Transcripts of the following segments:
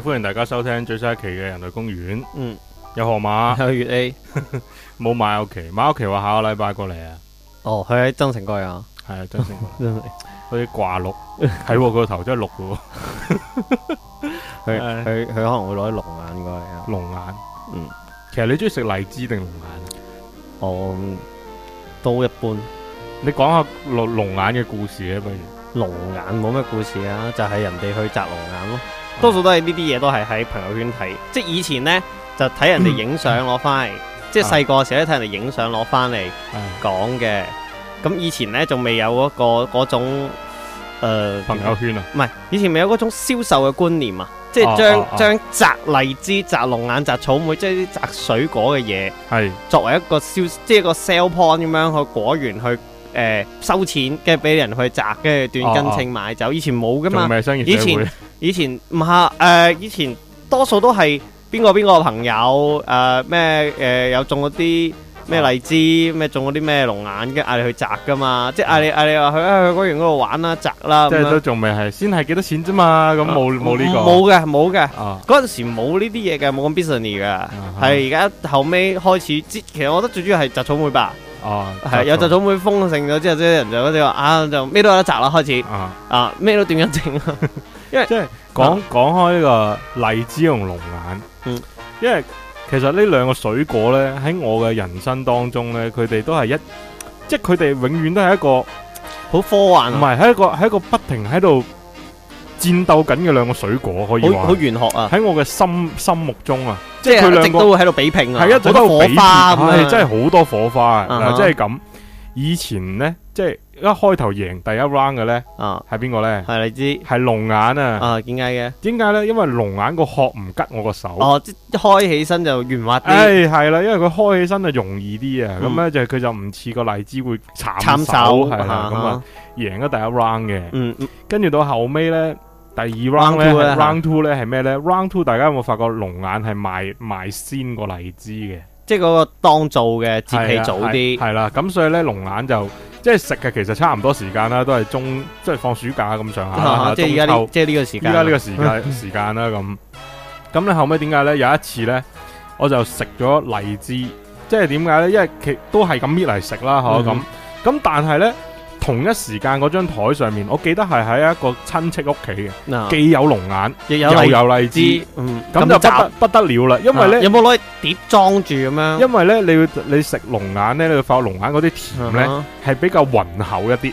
歡迎大家收聽最新一期嘅《人類公園》。嗯，有河馬，有月 A，冇馬有奇。馬有奇話下個禮拜過嚟啊。哦，佢喺增城過嚟啊。係啊，增城過嚟。真係。佢掛綠，係佢個頭真係綠噶。佢佢可能會攞啲龍眼過嚟啊。龍眼。嗯。其實你中意食荔枝定龍眼？哦，都一般。你講下龍龍眼嘅故事啊。不如。龍眼冇咩故事啊，就係人哋去摘龍眼咯。多數都係呢啲嘢，都係喺朋友圈睇。即係以前呢，就睇人哋影相攞翻嚟。 即係細個嘅時候咧，睇人哋影相攞翻嚟講嘅。咁 以前呢，仲未有嗰、嗰個嗰種誒、呃、朋友圈啊。唔係，以前未有嗰種銷售嘅觀念將啊。即係將將摘荔枝、摘龍眼、摘草莓，即係啲摘水果嘅嘢，係是作為一個銷，即係個 sale point 咁樣去果園去誒、呃、收錢，跟住俾人去摘，跟住短斤稱、啊、買走。以前冇噶嘛，以前。以前唔係，誒，以前多數都係邊個邊個朋友，誒咩，誒有種嗰啲咩荔枝，咩種嗰啲咩龍眼嘅，嗌你去摘噶嘛，即係嗌你嗌你話去去果園嗰度玩啦，摘啦，即係都仲未係，先係幾多錢啫嘛，咁冇冇呢個，冇嘅冇嘅，嗰陣時冇呢啲嘢嘅，冇咁 business 嘅，係而家後尾開始，其實我覺得最主要係摘草莓吧，哦，係有摘草莓豐盛咗之後，啲人就嗰啲話啊，就咩都有得摘啦，開始，啊咩都點樣整。因為即係講講開呢個荔枝同龍眼，嗯，因為其實呢兩個水果咧喺我嘅人生當中咧，佢哋都係一，即係佢哋永遠都係一個好科幻，唔係喺一個喺一個不停喺度戰鬥緊嘅兩個水果，可以話好玄學啊！喺我嘅心心目中啊，即係佢兩個都會喺度比拼啊，係一直好多火花，係真係好多火花啊！即係咁，以前咧即係。一開頭贏第一 round 嘅咧，啊，係邊個咧？係荔枝，係龍眼啊！啊，點解嘅？點解咧？因為龍眼個殼唔吉我個手哦，即開起身就圓滑啲。誒，係啦，因為佢開起身就容易啲啊，咁咧就佢就唔似個荔枝會慘手，係啊，咁啊贏咗第一 round 嘅。嗯，跟住到後尾咧，第二 round 咧，round two 咧係咩咧？round two 大家有冇發覺龍眼係賣賣先個荔枝嘅？即嗰個當造嘅節氣早啲，係啦，咁所以咧龍眼就。即係食嘅，其實差唔多時間啦，都係中即係放暑假咁上下即係而家呢？秋即係呢個時間，而家呢個時間 時間啦。咁咁你後尾點解咧？有一次咧，我就食咗荔枝。即係點解咧？因為其都係咁搣嚟食啦，嗬咁咁，但係咧。同一時間嗰張台上面，我記得係喺一個親戚屋企嘅，嗯、既有龍眼，亦有又有荔枝，嗯，咁就不得、嗯、不得了啦，因為呢，嗯、有冇攞碟裝住咁樣？因為呢，你你食龍眼呢，你會發覺龍眼嗰啲甜呢係、嗯、哼比較渾厚一啲。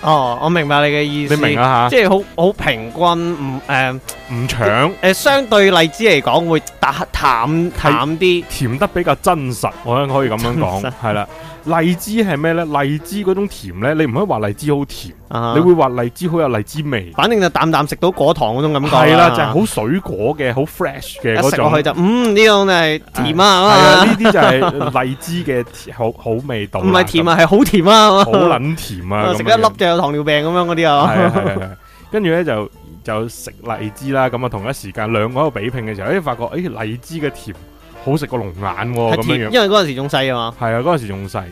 哦，我明白你嘅意思，你明即係好好平均，唔、嗯呃唔搶，誒，相對荔枝嚟講會淡淡淡啲，甜得比較真實，我諗可以咁樣講，係啦。荔枝係咩咧？荔枝嗰種甜咧，你唔可以話荔枝好甜，你會話荔枝好有荔枝味。反正就淡淡食到果糖嗰種感覺，係啦，就係好水果嘅，好 fresh 嘅。一食落去就，嗯，呢種就係甜啊，係啊，呢啲就係荔枝嘅好好味道。唔係甜啊，係好甜啊，好撚甜啊，食一粒就有糖尿病咁樣嗰啲啊。係係係，跟住咧就。就食荔枝啦，咁啊，同一時間兩個喺度比拼嘅時候，哎發覺，哎、荔枝嘅甜好食過龍眼咁樣，因為嗰陣時仲細啊嘛，係啊，嗰陣時仲細，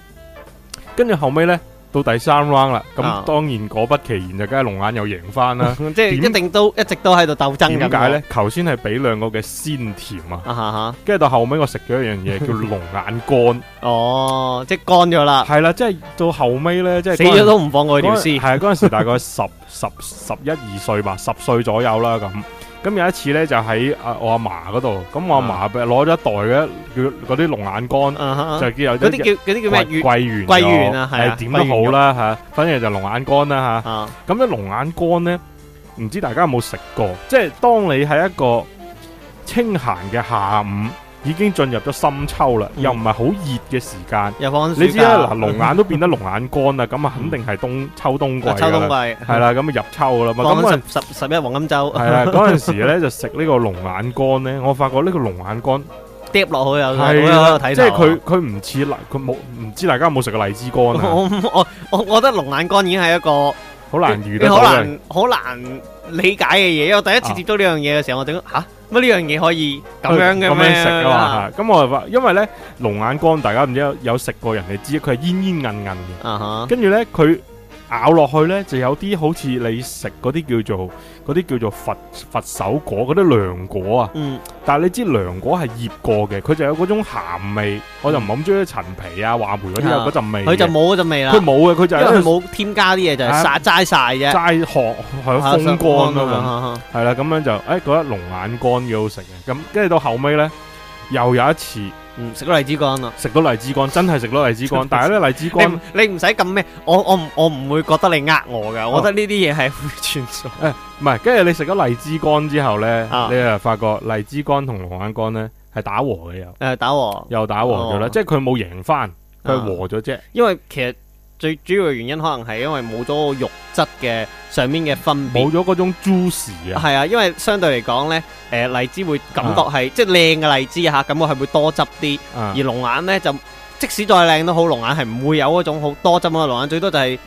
跟住後尾咧。到第三 round 啦，咁當然果不其然就梗係龍眼又贏返啦。啊、麼即係一定都一直都喺度鬥爭。點解呢？頭先係俾兩個嘅鮮甜啊，跟住到後尾我食咗一樣嘢 叫龍眼乾。哦，即係乾咗啦。係啦，即係到後尾呢， 即係死咗都唔放過條屍。係啊，嗰陣時大概十十十一二歲吧，十歲左右啦咁。咁有一次咧，就喺阿、啊、我阿嫲嗰度，咁我阿嫲俾攞咗一袋嘅，啊、叫嗰啲龍眼乾、嗯啊，就，就叫有啲叫啲叫咩？桂圓，桂圓啦，係點都好啦嚇，反正就龍眼乾啦嚇。咁咧龍眼乾咧，唔知大家有冇食過？即係當你喺一個清閒嘅下午。已經進入咗深秋啦，又唔係好熱嘅時間。入房你知啦，嗱龍眼都變得龍眼乾啦，咁啊肯定係冬秋冬季啦。秋冬季係啦，咁啊入秋啦嘛，咁啊十十一黃金周。係啦，嗰陣時咧就食呢個龍眼乾咧，我發覺呢個龍眼乾跌落去又係啦，即係佢佢唔似荔，佢冇，唔知大家有冇食過荔枝乾啊？我我我我覺得龍眼乾已經係一個好難遇到，好難好難理解嘅嘢。我第一次接觸呢樣嘢嘅時候，我點啊？乜呢樣嘢可以咁樣嘅咁樣食啊嘛，咁我話，因為咧龍眼乾，大家唔知有食過人哋知，佢係煙煙韌韌嘅，跟住咧佢。Huh. 咬落去咧，就有啲好似你食嗰啲叫做嗰啲叫做佛佛手果嗰啲涼果啊。嗯，但係你知涼果係醃過嘅，佢就有嗰種鹹味，我就唔咁中意陳皮啊、話梅嗰啲有嗰陣味。佢就冇嗰陣味啦。佢冇嘅，佢就係因為冇添加啲嘢，就係晒齋晒嘅。齋殼係風乾咯，係啦，咁樣就誒，覺得龍眼乾幾好食嘅。咁跟住到後尾咧，又有一次。嗯，食到荔枝乾啊！食到荔枝乾，真係食到荔枝乾。 但係咧，荔枝乾你唔使咁咩，我我我唔會覺得你呃我噶，哦、我覺得呢啲嘢係會傳。誒、哎，唔係，跟住你食咗荔枝乾之後咧，啊你啊發覺荔枝乾同龍眼乾咧係打和嘅，又誒、呃、打和又打和咗啦，和即係佢冇贏翻，佢和咗啫、啊。因為其實。最主要嘅原因可能係因為冇咗個肉質嘅上面嘅分別，冇咗嗰種 juice 啊，係啊，因為相對嚟講呢，誒，荔枝會感覺係、啊、即係靚嘅荔枝啊吓，咁我係會多汁啲，啊、而龍眼呢，就即使再靚都好，龍眼係唔會有嗰種好多汁啊，龍眼最多就係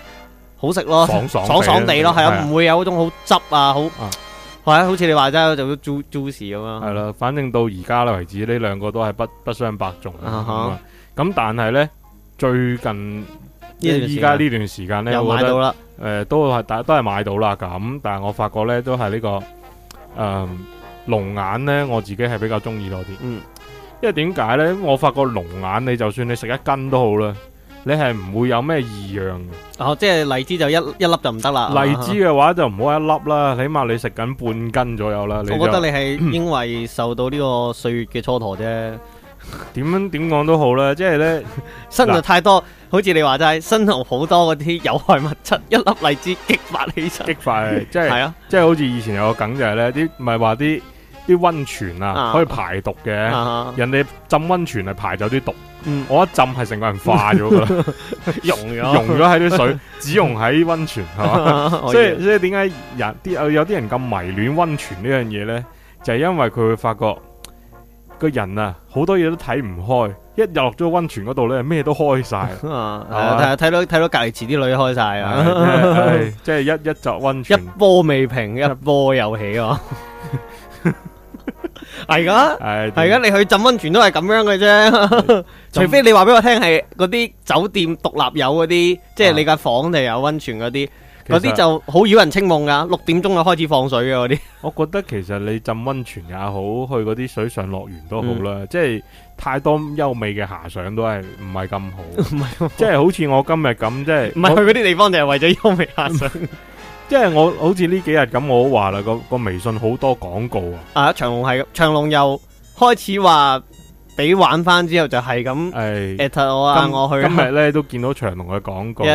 好食咯，爽爽地咯，係啊，唔會有嗰種好汁啊，好，係啊，好似你話齋，就啲 juice 咁啊，係啦，反正到而家啦為止，呢兩個都係不不相伯仲啊哈，咁但係呢，最近。依依家呢段時間呢，我覺得誒都係，大家都係買到啦咁、呃。但係我發覺呢都係呢、呢個誒、呃、龍眼呢，我自己係比較中意多啲。嗯，因為點解呢？我發覺龍眼你就算你食一斤都好啦，你係唔會有咩異樣嘅。哦，即係荔枝就一一粒就唔得啦。荔枝嘅話就唔好一粒啦，啊、起碼你食緊半斤左右啦。你我覺得你係因為 受到呢個歲月嘅蹉跎啫。點樣點講都好啦，即係咧，身內太多，好似你話齋，身內好多嗰啲有害物質，一粒荔枝激發起身，激發，即係，係啊，即係好似以前有個梗就係咧，啲唔係話啲啲温泉啊可以排毒嘅，人哋浸温泉係排走啲毒，我一浸係成個人化咗噶啦，溶咗溶咗喺啲水，只溶喺温泉，係嘛，即係即係點解人啲有有啲人咁迷戀温泉呢樣嘢咧，就係因為佢會發覺。個人啊，好多嘢都睇唔開，一入咗溫泉嗰度咧，咩都開晒。係睇到睇到隔籬池啲女開晒啊！即係一一座溫泉，一波未平一波又起哦。係噶，係係噶，你去浸溫泉都係咁樣嘅啫。除非你話俾我聽係嗰啲酒店獨立有嗰啲，即係你間房地有溫泉嗰啲。嗰啲就好擾人清夢噶，六點鐘就開始放水嘅嗰啲。我覺得其實你浸溫泉也好，去嗰啲水上樂園都好啦，嗯、即係太多優美嘅遐想都係唔係咁好，唔係即係好似我今日咁，即係唔係去嗰啲地方就係為咗優美遐想，嗯， 即，就，係，是，我，我好似呢幾日咁，我話啦個個微信好多廣告啊，啊，啊長隆係長隆又開始話。俾玩翻之後就係咁。誒 at 我啊，我去。今日咧都見到長隆嘅廣告，日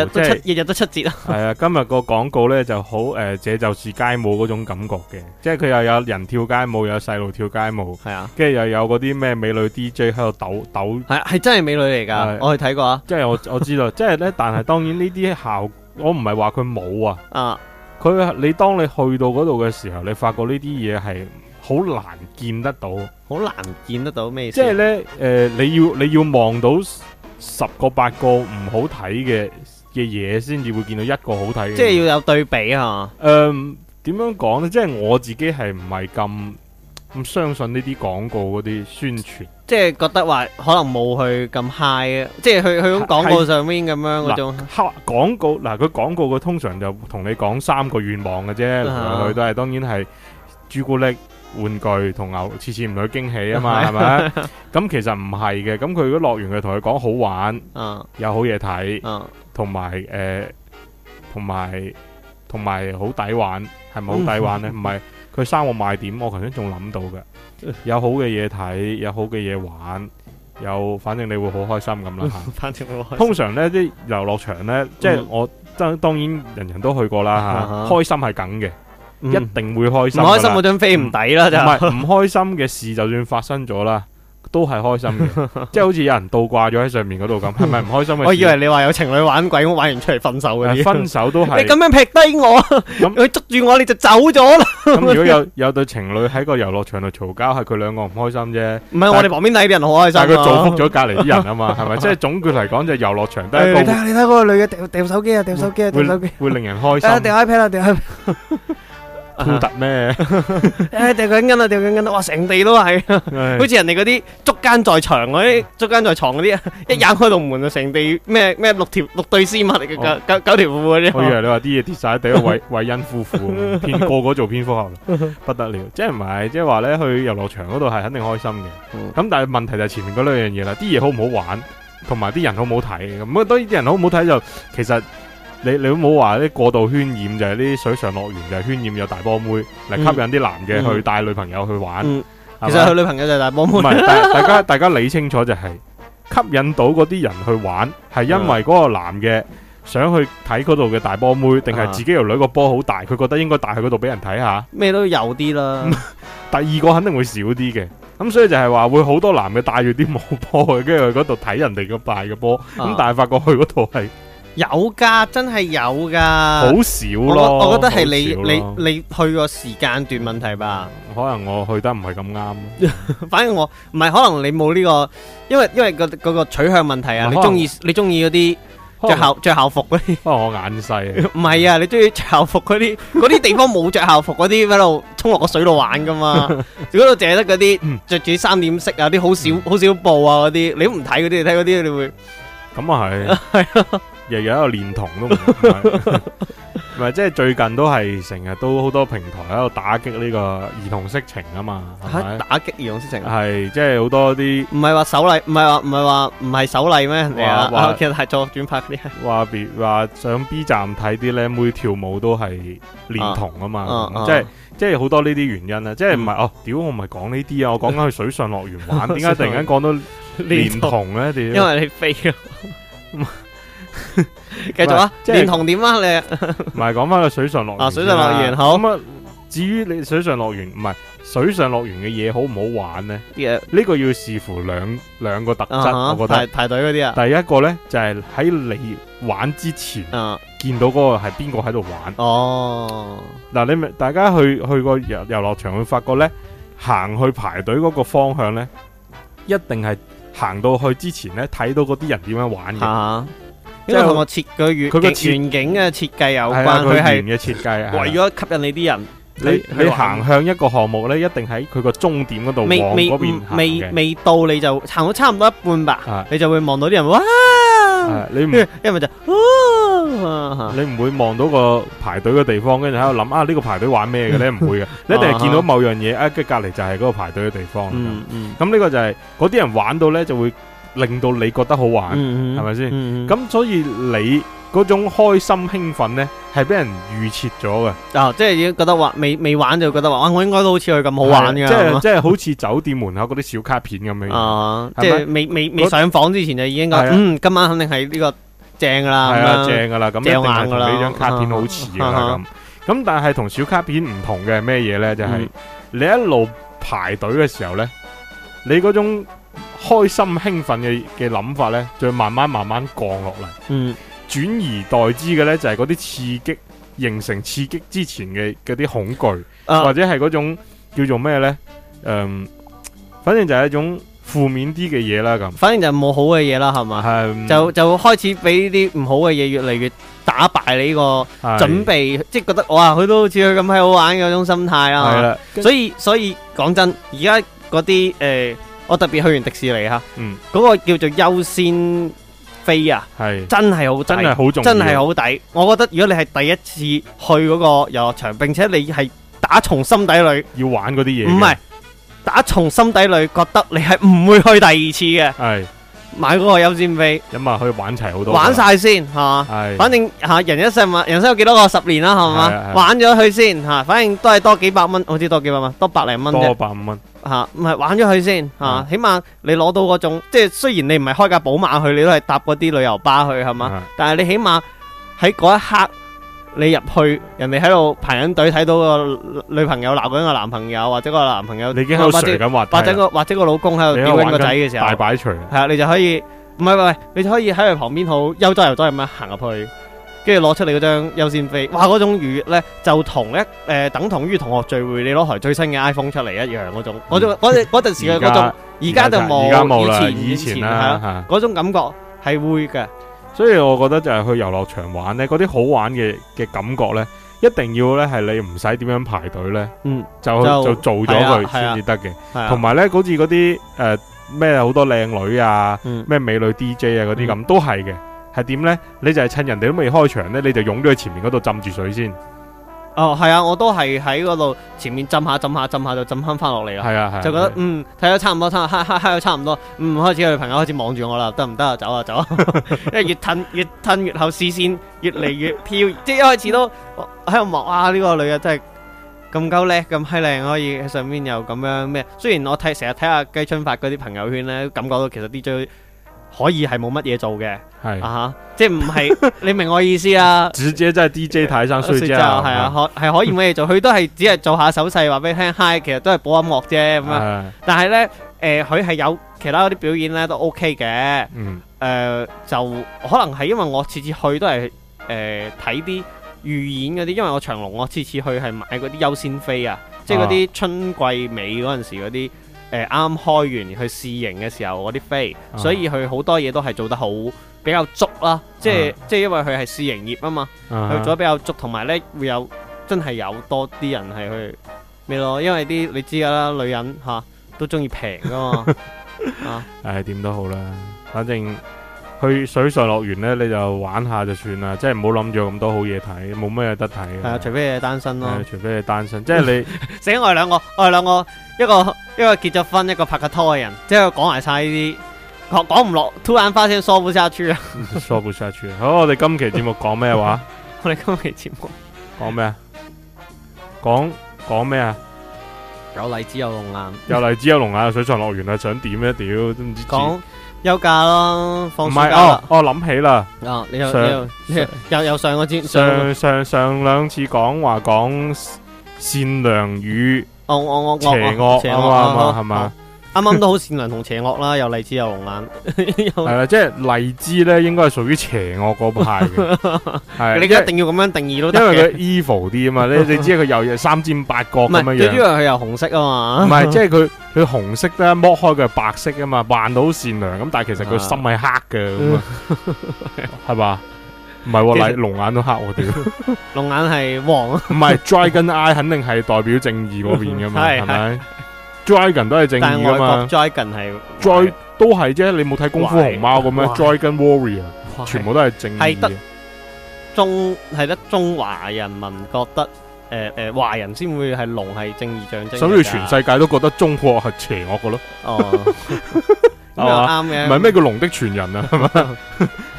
日都七折啊。係啊，今日個廣告咧就好誒，這就是街舞嗰種感覺嘅，即係佢又有人跳街舞，有細路跳街舞。係啊，跟住又有嗰啲咩美女 DJ 喺度抖抖。係啊，係真係美女嚟㗎，我去睇過啊。即係我我知道，即係咧，但係當然呢啲效果，我唔係話佢冇啊。啊，佢你當你去到嗰度嘅時候，你發覺呢啲嘢係。好難見得到，好難見得到咩意思？即係咧，誒、呃，你要你要望到十個八個唔好睇嘅嘅嘢，先至會見到一個好睇嘅。即係要有對比吓。嗯，點樣講咧？即係我自己係唔係咁咁相信呢啲廣告嗰啲宣傳？即係覺得話可能冇佢咁 high，即係佢喺廣告上面咁樣嗰種。吓廣、啊、告嗱，佢廣告佢通常就同你講三個願望嘅啫，佢、啊、都係當然係朱古力。玩具同牛次次唔去驚喜啊嘛，係咪？咁其實唔係嘅，咁佢如果樂園佢同佢講好玩，嗯、有好嘢睇，同埋誒，同埋同埋好抵玩，係咪好抵玩呢？唔係佢三個賣點，我頭先仲諗到嘅，有好嘅嘢睇，有好嘅嘢玩，有反正你會好開心咁啦吓。嗯、反正通常呢啲遊樂場呢，即係我當、嗯、當然人人都去過啦吓，啊、開心係梗嘅。一定會開心，唔開心嗰張飛唔抵啦。就唔係唔開心嘅事，就算發生咗啦，都係開心嘅，即係好似有人倒掛咗喺上面嗰度咁，係咪唔開心？我以為你話有情侶玩鬼，玩完出嚟分手嘅。分手都係你咁樣劈低我，佢捉住我，你就走咗啦。如果有有對情侶喺個遊樂場度嘈交，係佢兩個唔開心啫。唔係我哋旁邊睇啲人好開心，但係佢造福咗隔籬啲人啊嘛，係咪？即係總結嚟講，就遊樂場。你睇下，你睇嗰個女嘅掉手機啊，掉手機啊，掉手機，會令人開心。掉 iPad 禿突咩？誒，掉佢根啊，掉佢根啦！哇，成地都係，好似的人哋嗰啲捉奸在床嗰啲，捉奸在床嗰啲，一踹開龍門啊，成地咩咩六條六對絲襪嚟嘅，九九九條褲嗰啲。我以為你話啲嘢跌晒，第一位偉欣夫婦， 個個做蝙蝠俠，不得了！即係唔係？即係話咧，去遊樂場嗰度係肯定開心嘅。咁、嗯、但係問題就係前面嗰兩樣嘢啦，啲嘢好唔好玩，同埋啲人好唔好睇。咁不過當然啲人好唔好睇就其實。你你都冇話啲過度渲染，就係啲水上樂園就係渲染有大波妹嚟吸引啲男嘅去帶女朋友去玩。嗯、吧其實佢女朋友就係大波妹是。 大家大家理清楚就係吸引到嗰啲人去玩，係因為嗰個男嘅想去睇嗰度嘅大波妹，定係、嗯、自己條女個波好大，佢、啊、覺得應該帶去嗰度俾人睇下。咩都有啲啦。第二個肯定會少啲嘅，咁所以就係話會好多男嘅帶住啲冇波去，跟住去嗰度睇人哋個大嘅波，咁、啊、但係發覺去嗰度係。有噶，真係有噶。好少咯，我我覺得係你你你去個時間段問題吧。可能我去得唔係咁啱。反正我唔係，可能你冇呢個，因為因為個個取向問題啊。你中意你中意嗰啲着校着校服嗰啲。不過我眼細。唔係啊，你中意着校服嗰啲，嗰啲地方冇着校服嗰啲，喺度沖落個水度玩噶嘛。嗰度淨係得嗰啲着住三點式啊，啲好少好少布啊嗰啲，你都唔睇嗰啲，你睇嗰啲你會。咁啊係。係啊。日日喺度練童都唔係，即係最近都係成日都好多平台喺度打擊呢個兒童色情啊嘛，打擊兒童色情係即係好多啲，唔係話守例，唔係話唔係話唔係守例咩？話其實係做轉拍嗰啲，話譬如話上 B 站睇啲靚妹跳舞都係練童啊嘛，即係即係好多呢啲原因啦，即係唔係哦？屌我唔係講呢啲啊，我講緊去水上樂園玩，點解突然間講到練童咧？點解？因為你飛啊！繼 續啊，即、就是、連同點啊？你唔係講翻個水上樂園啊？水上樂園好。咁啊，至於你水上樂園唔係水上樂園嘅嘢好唔好玩呢？呢 Yeah. 個要視乎兩兩個特質。Uh、huh, 我覺得排隊嗰啲啊。第一個呢，就係、是、喺你玩之前啊，uh huh. 見到嗰個係邊個喺度玩哦。嗱、uh，你、huh. 咪大家去去過遊遊樂場，會發覺呢行去排隊嗰個方向呢，一定係行到去之前呢，睇到嗰啲人點樣玩嘅。Uh huh. 因為同我設計佢個全景嘅設計有關，佢係為咗吸引你啲人。你你行向一個項目咧，一定喺佢個終點嗰度望嗰邊，未未到你就行到差唔多一半吧，你就會望到啲人哇！你唔因為就，你唔會望到個排隊嘅地方，跟住喺度諗啊呢個排隊玩咩嘅咧？唔會嘅，你一定係見到某樣嘢，啊即隔籬就係嗰個排隊嘅地方。嗯，咁呢個就係嗰啲人玩到咧就會。令到你覺得好玩，係咪先？咁、嗯嗯、所以你嗰種開心興奮呢，係俾人預設咗嘅。啊，即係已經覺得話未未玩就覺得話，我應該都好似佢咁好玩嘅。就是嗯、即係即係好似酒店門口嗰啲小卡片咁樣。啊、即係未未未上房之前就已經。嗯，今晚肯定係呢、這個正噶啦。係啊，正噶啦。咁一定係同呢張卡片好似嘅咁。啊啊啊啊啊啊啊但係同小卡片唔同嘅係咩嘢呢？就係、是、你一路排隊嘅時候呢，你嗰種。開心興奮嘅嘅諗法呢，就慢慢慢慢降落嚟。嗯，轉而代之嘅呢，就係嗰啲刺激形成刺激之前嘅嗰啲恐懼，啊、或者係嗰種叫做咩呢？嗯，反正就係一種負面啲嘅嘢啦。咁，反正就冇好嘅嘢啦，係嘛？嗯、就就開始俾呢啲唔好嘅嘢越嚟越打敗你呢個準備，是即係覺得哇，佢都好似佢咁係好玩嘅嗰種心態啦。所以所以講真，而家嗰啲誒。呃我特別去完迪士尼哈，嗰、嗯、個叫做優先飛啊，係，真係好真係好重要的，真係好抵。我覺得如果你係第一次去嗰個遊樂場，並且你係打從心底裏要玩嗰啲嘢，唔係打從心底裏覺得你係唔會去第二次嘅。買嗰個優先飛，咁啊去玩齊好多。玩晒先嚇，係嘛？係反正嚇人一世物，人生有幾多個十年啦，係嘛？係係係，玩咗去先嚇，反正都係多幾百蚊，我知多幾百蚊，多百零蚊，多百五蚊嚇，唔係玩咗去先嚇，嗯、起碼你攞到嗰種，即係雖然你唔係開架寶馬去，你都係搭嗰啲旅遊巴去，係嘛？係係，但係你起碼喺嗰一刻。你入去，人哋喺度排緊隊，睇到個女朋友鬧緊個男朋友，或者個男朋友，你已經喺緊或者個，或者個老公喺度叫緊個仔嘅時候，大擺錘。係啊，你就可以，唔係唔係，你就可以喺佢旁邊好悠哉悠哉咁行入去，跟住攞出嚟嗰張優先飛。哇，嗰種愉悦咧，就同一誒、呃、等同於同學聚會，你攞台最新嘅 iPhone 出嚟一樣嗰種。我嗰陣時嘅嗰種，而家就冇，以前、啊啊、以前吓、啊、嗰、啊、種感覺係會嘅。所以我覺得就係去遊樂場玩呢，嗰啲好玩嘅嘅感覺呢，一定要呢係你唔使點樣排隊呢，嗯，就就做咗佢先至得嘅。同埋、啊啊啊、呢，好似嗰啲誒咩好多靚女啊，咩、嗯、美女 DJ 啊嗰啲咁，都係嘅。係點呢？你就係趁人哋都未開場呢，你就湧咗去前面嗰度浸住水先。哦，係啊，我都係喺嗰度前面浸下浸下浸下就浸翻翻落嚟啦，係啊係，啊就覺得、啊啊、嗯睇咗差唔多，差，哈哈，睇咗差唔多，嗯，開始個朋友開始望住我啦，得唔得啊？走啊走啊， 因為越褪越褪越後，視線越嚟越飄， 即係一開始都喺度望，啊，呢個女嘅真係咁夠叻咁犀靚，可以喺上面又咁樣咩？雖然我睇成日睇下雞春發嗰啲朋友圈咧，感覺到其實 DJ。可以係冇乜嘢做嘅，係啊，即係唔係你明我意思啦？直接在 DJ 台上睡覺係啊，可係可以冇乜嘢做，佢都係只係做下手勢，話俾你聽 Hi，其實都係播音樂啫咁啊。但係呢，誒，佢係有其他嗰啲表演呢都 OK 嘅，誒，就可能係因為我次次去都係誒睇啲預演嗰啲，因為我長隆我次次去係買嗰啲優先飛啊，即係嗰啲春季尾嗰陣時嗰啲。誒，啱、呃、開完去試營嘅時候，嗰啲飛，啊、所以佢好多嘢都係做得好比較足啦、啊啊，即係即係因為佢係試營業啊嘛，佢、啊、做得比較足，同埋呢會有真係有多啲人係去咩咯，因為啲你知噶啦，女人吓、啊、都中意平噶嘛，但誒點都好啦，反正去水上樂園呢，你就玩下就算啦，即係唔好諗住咁多好嘢睇，冇乜嘢得睇嘅、啊，除非你係單身咯、啊啊，除非你係單身，即係你死 我哋兩個，我哋兩個一個。因為結咗婚一個拍緊拖嘅人，即係佢講埋晒呢啲，講唔落，突然發生疏不下去啊！疏不下去。好，我哋今期節目講咩話？ 我哋今期節目講咩啊？講講咩啊？有荔枝有龍眼，嗯、有荔枝有龍眼，水上樂園係想點一屌都唔知。講休假咯，放假。唔係哦，我諗起啦。哦，哦想啊、你又又有上個節上上上兩次講話講善良語。邪惡嘛嘛係嘛，啱啱都好善良同邪惡啦，又荔枝又龍眼，係啦，即係荔枝咧，應該係屬於邪惡嗰派，係你一定要咁樣定義咯，因為佢 evil 啲啊嘛，你你知佢又三尖八角咁樣樣，最主要係又紅色啊嘛，唔係即係佢佢紅色咧，剝開佢係白色啊嘛，扮到好善良咁，但係其實佢心係黑嘅，係嘛？唔係喎，嚟龍眼都黑我哋。龍眼係黃。唔係 Dragon Eye 肯定係代表正義嗰邊噶嘛，係咪？Dragon 都係正義噶嘛？Dragon 係，再都係啫。你冇睇功夫熊貓咁咩？Dragon Warrior 全部都係正義。係得中係得中華人民覺得誒誒華人先會係龍係正義象徵。所以全世界都覺得中國係邪惡噶咯。哦。啱嘅，唔係咩叫龍的傳人啊？咁啊，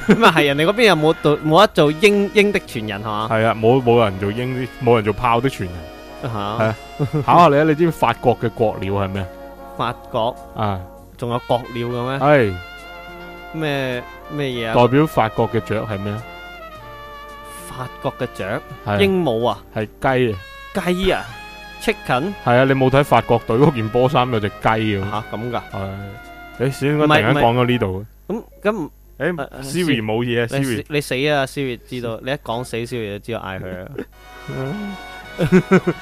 咁啊係人哋嗰邊又冇做冇得做鷹鷹的傳人，係嘛？係啊，冇冇人做鷹，冇人做炮的傳人。吓，考下你啊！你知唔知法國嘅國鳥係咩啊？法國啊，仲有國鳥嘅咩？係咩咩嘢啊？代表法國嘅雀係咩啊？法國嘅雀，鸚鵡啊？係雞啊？雞啊？Chicken？係啊！你冇睇法國隊嗰件波衫有隻雞啊？吓咁噶？係。誒，點解突然間講到呢度嘅？咁咁，誒，Siri 冇嘢，Siri，你死啊！Siri 知道，你一講死，Siri 就知道嗌佢啊。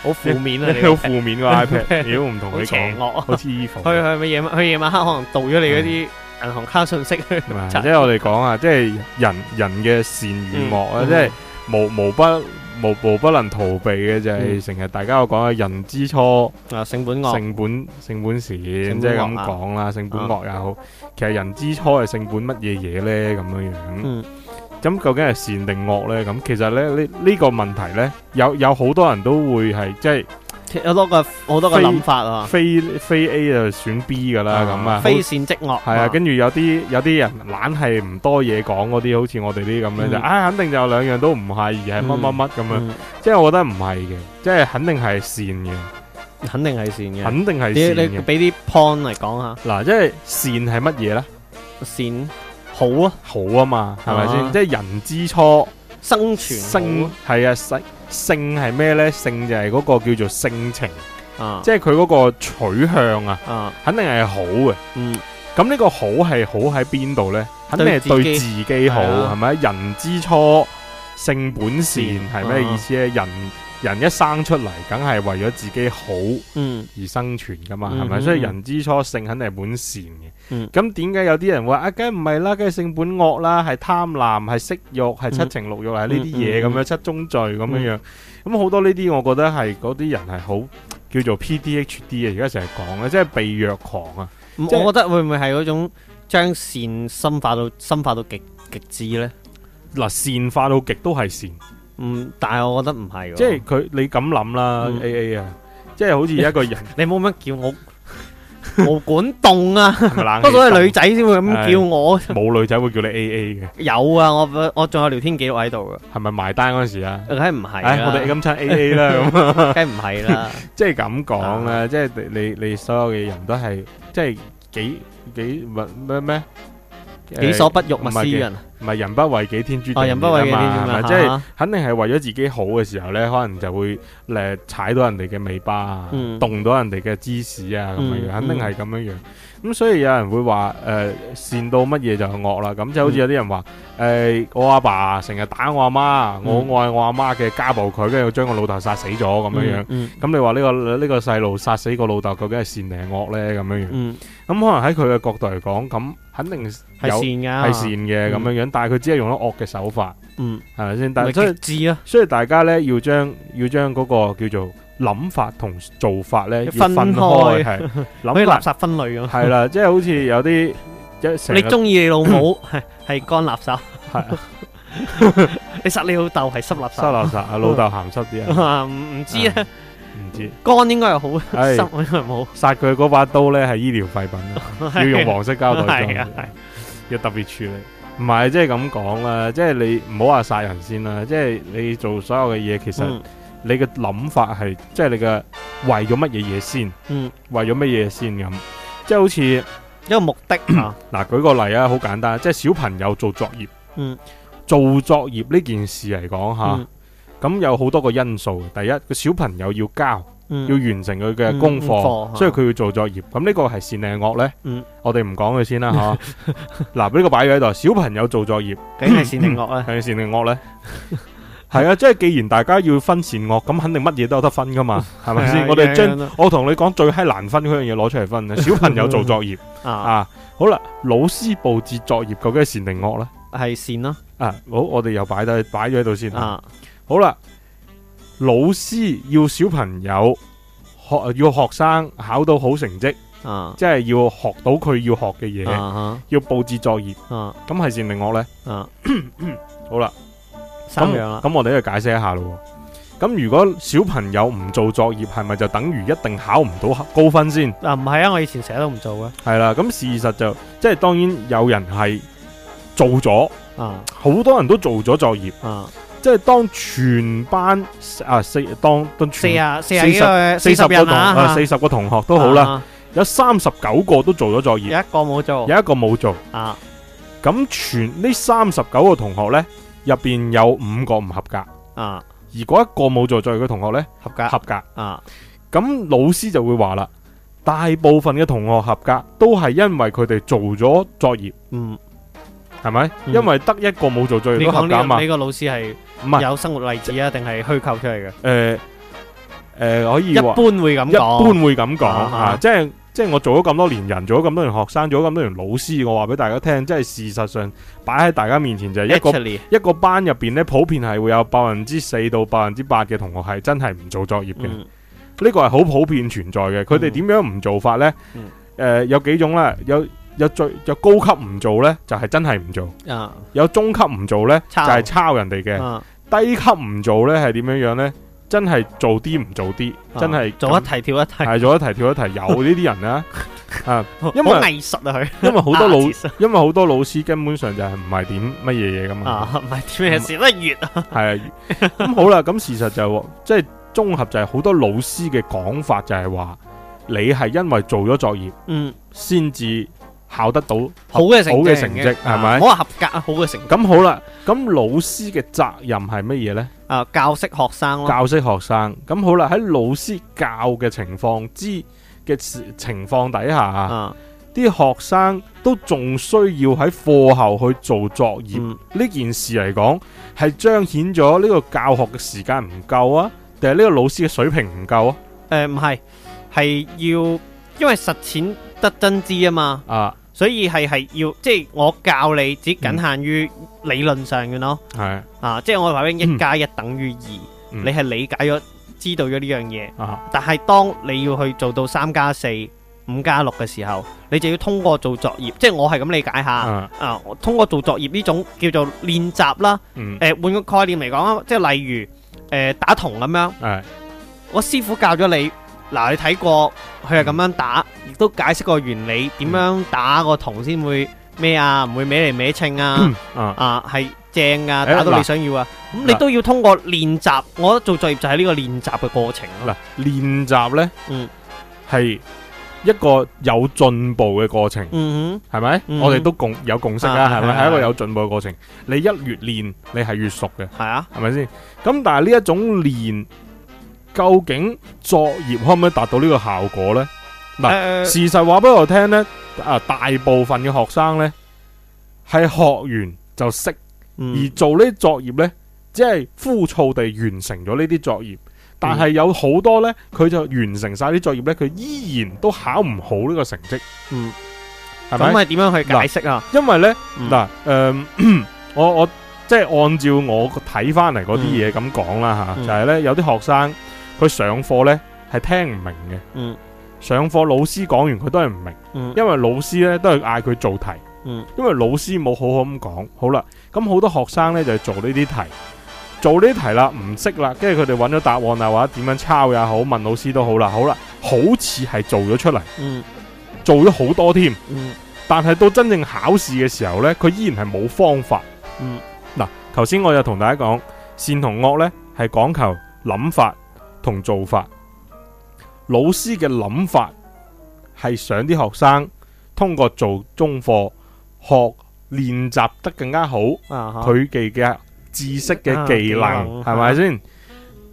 好負面啊！你好負面嘅 iPad，你都唔同你講。好邪惡，好似衣服。佢佢佢夜晚佢夜晚黑可能盜咗你嗰啲銀行卡信息。即係我哋講啊，即係人人嘅善與惡啊，即係無無不。無步不能逃避嘅就係成日大家有講嘅人之初啊，性本惡，性本性本善，即係咁講啦性本惡、啊、又好，嗯、其實人之初係性本乜嘢嘢咧咁樣樣，咁、嗯、究竟係善定惡咧？咁其實咧呢呢、呢個問題咧有有好多人都會係即係。有多個好多個諗法啊！非非 A 就選 B 噶啦，咁啊，非善即惡。係啊，跟住有啲有啲人懶係唔多嘢講嗰啲，好似我哋啲咁樣就啊，肯定就兩樣都唔係，而係乜乜乜咁樣。即係我覺得唔係嘅，即係肯定係善嘅，肯定係善嘅，肯定係善嘅。你俾啲 point 嚟講下。嗱，即係善係乜嘢咧？善好啊，好啊嘛，係咪先？即係人之初，生存生係啊性係咩呢？性就係嗰個叫做性情，啊、即係佢嗰個取向啊，啊肯定係好嘅。嗯，咁呢個好係好喺邊度呢？肯定係對自己好，係咪、啊？人之初，性本善，係咩、嗯、意思咧？啊、人。人一生出嚟，梗係為咗自己好而生存噶嘛，係咪、嗯？所以人之初性肯定係本善嘅。咁點解有啲人話啊？梗唔係啦，梗係性本惡啦，係貪婪，係色慾，係七情六慾，係呢啲嘢咁樣七宗罪咁樣樣。咁好、嗯、多呢啲，我覺得係嗰啲人係好叫做 P D H D 嘅，而家成日講嘅，即係被虐狂啊！即係我覺得會唔會係嗰種將善深化到深化到極極致咧？嗱，善化到極都係善。.嗯，但係我覺得唔係喎。即係佢，你咁諗啦，A A 啊，即係好似一個人。你冇乜叫我，毛管戙啊，多數係女仔先會咁叫我。冇女仔會叫你 A A 嘅。有啊，我我仲有聊天記錄喺度噶。係咪埋單嗰時啊？梗係唔係啦，我哋今餐 A A 啦，咁梗唔係啦。即係咁講咧，即係你你你所有嘅人都係，即係幾幾乜乜乜。己所不欲，勿施於人。唔係人不為己，天誅珠地、哦、滅啊！唔係即係，肯定係為咗自己好嘅時候咧，可能就會誒踩到人哋嘅尾巴啊，嗯、動到人哋嘅芝士啊，咁樣、嗯、樣，肯定係咁樣樣。咁、嗯、所以有人會話誒、呃、善到乜嘢就係惡啦，咁就好似有啲人話誒、嗯欸、我阿爸成日打我阿媽，我愛我阿媽嘅，家暴佢，跟住將個老豆殺死咗咁樣樣。咁你話呢個呢個細路殺死個老豆，究竟係善定係惡呢？咁樣樣。咁、嗯、可能喺佢嘅角度嚟講，咁肯定係善噶、啊，係善嘅咁樣樣。嗯、但係佢只係用咗惡嘅手法，嗯，係咪先？但係啊，所以大家呢，要將要將嗰個叫做。諗法同做法咧，要分開，係，好似垃圾分類咁。係啦，即係好似有啲一，你中意你老母係係乾垃圾，係你殺你老豆係濕垃圾。濕垃圾啊，老豆鹹濕啲啊。唔知啊，唔知。乾應該係好，濕應該冇。殺佢嗰把刀咧係醫療廢品，要用黃色膠袋裝，要特別處理。唔係即係咁講啦，即係你唔好話殺人先啦，即係你做所有嘅嘢，其實。你嘅諗法係，即係你嘅為咗乜嘢嘢先？嗯，為咗乜嘢先咁？即係好似一個目的。嗱，舉個例啊，好簡單，即係小朋友做作業。嗯，做作業呢件事嚟講吓，咁有好多個因素。第一，個小朋友要交，要完成佢嘅功課，所以佢要做作業。咁呢個係善定惡呢？我哋唔講佢先啦吓。嗱，呢個擺咗喺度，小朋友做作業，梗係善定惡啦，係善定惡咧？係啊，即係既然大家要分善惡，咁肯定乜嘢都有得分噶嘛，係咪先？我哋將我同你講最閪難分嗰樣嘢攞出嚟分啊！小朋友做作業啊，好啦，老師布置作業究竟係善定惡呢？係善啦。啊，好，我哋又擺低，擺咗喺度先啊。好啦，老師要小朋友學，要學生考到好成績啊，即係要學到佢要學嘅嘢，要布置作業，咁係善定惡呢？好啦。咁樣啦，咁我哋去解釋一下咯。咁如果小朋友唔做作業，係咪就等於一定考唔到高分先？嗱，唔係啊，我以前成日都唔做嘅。係啦，咁事實就即係當然有人係做咗啊，好多人都做咗作業啊。即係當全班啊四當當四啊四啊四十四十個啊四十個同學都好啦，有三十九個都做咗作業，有一個冇做，有一個冇做啊。咁全呢三十九個同學呢？入邊有五個唔合格啊，而嗰一個冇做作業嘅同學呢，合格合格啊，咁老師就會話啦，大部分嘅同學合格都係因為佢哋做咗作業，嗯，係咪？嗯、因為得一個冇做作業都合格嘛？你、這個這個老師係唔係有生活例子啊？定係虛構出嚟嘅？誒誒、呃呃，可以一般會咁講，一般會咁講即係。啊哈啊即係即係我做咗咁多年人，做咗咁多年學生，做咗咁多年老師，我話俾大家聽，即係事實上擺喺大家面前就係一個 Actually, 一個班入邊呢，普遍係會有百分之四到百分之八嘅同學係真係唔做作業嘅。呢、嗯、個係好普遍存在嘅。佢哋點樣唔做法呢？誒、嗯呃，有幾種啦，有有最有高級唔做呢，就係、是、真係唔做；啊、有中級唔做呢，就係、是、抄人哋嘅；啊、低級唔做呢，係點樣樣呢？真係做啲唔做啲，真係做一題跳一題，係做一題跳一題，有呢啲人啊，啊，好藝術啊佢，因為好多老，因為好多老師根本上就係唔係點乜嘢嘢噶嘛，唔係點嘢事乜嘢，係啊，咁好啦，咁事實就即係綜合就係好多老師嘅講法就係話，你係因為做咗作業，嗯，先至考得到好嘅成好嘅成績係咪？我合格好嘅成績，咁好啦，咁老師嘅責任係乜嘢呢？啊！教識學生咯，教識學生咁好啦。喺老師教嘅情況之嘅情況底下，啲、啊、學生都仲需要喺課後去做作業。呢、嗯、件事嚟講，係彰顯咗呢個教學嘅時間唔夠啊，定係呢個老師嘅水平唔夠啊？誒、呃，唔係，係要因為實踐得真知啊嘛。啊！所以係係要，即係我教你只僅於，僅限於理論上嘅咯。係啊，係啊，即係我話俾你，一加一等於二，嗯、你係理解咗、知道咗呢樣嘢。啊、但係當你要去做到三加四、五加六嘅時候，你就要通過做作業，即係我係咁理解一下。啊，啊，通過做作業呢種叫做練習啦。誒、呃，換個概念嚟講，即係例如誒、呃、打銅咁樣。啊、我師傅教咗你。嗱，你睇過佢係咁樣打，亦都解釋過原理點樣打個銅先會咩啊？唔會歪嚟歪稱啊？啊，係正啊，打到你想要啊！咁你都要通過練習，我覺得做作業就係呢個練習嘅過程。嗱，練習咧，嗯，係一個有進步嘅過程。嗯哼，係咪？我哋都共有共識啊，係咪？係一個有進步嘅過程。你一越練，你係越熟嘅。係啊，係咪先？咁但係呢一種練。究竟作業可唔可以達到呢個效果呢？嗱、呃，事實話俾我聽咧，啊，大部分嘅學生呢係學完就識，嗯、而做呢啲作業呢，只係枯燥地完成咗呢啲作業。但係有好多呢，佢就完成晒啲作業呢，佢依然都考唔好呢個成績，嗯。嗯，咁係點樣去解釋啊？因為呢，嗱、嗯，誒、呃，我我即係按照我睇翻嚟嗰啲嘢咁講啦吓，嗯、就係咧有啲學生。佢上課呢係聽唔明嘅。嗯，上課老師講完佢都係唔明，嗯，因為老師呢都係嗌佢做題，嗯，因為老師冇好好咁講。好啦，咁好多學生呢就係做呢啲題，做呢啲題啦，唔識啦，跟住佢哋揾咗答案啊，或者點樣抄也好，問老師都好啦。好啦，好似係做咗出嚟，嗯，做咗好多添，嗯，但係到真正考試嘅時候呢，佢依然係冇方法。嗯，嗱，啊，頭先我就同大家講，善同惡呢係講求諗法。同做法，老師嘅諗法係想啲學生通過做中課學練習得更加好，佢哋嘅知識嘅技能係咪先？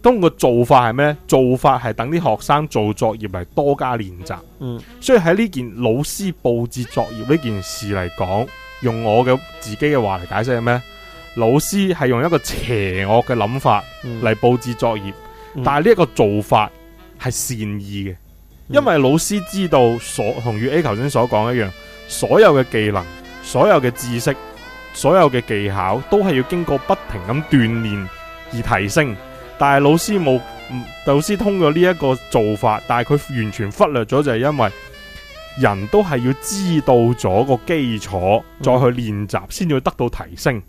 通過做法係咩？做法係等啲學生做作業嚟多加練習。嗯、uh，huh. 所以喺呢件老師布置作業呢件事嚟講，用我嘅自己嘅話嚟解釋係咩？老師係用一個邪惡嘅諗法嚟布置作業。Uh huh. 嗯、但係呢一個做法係善意嘅，嗯、因為老師知道所同與 A 頭先所講一樣，所有嘅技能、所有嘅知識、所有嘅技巧都係要經過不停咁鍛煉而提升。但係老師冇，老師通過呢一個做法，但係佢完全忽略咗，就係因為人都係要知道咗個基礎、嗯、再去練習，先至會得到提升。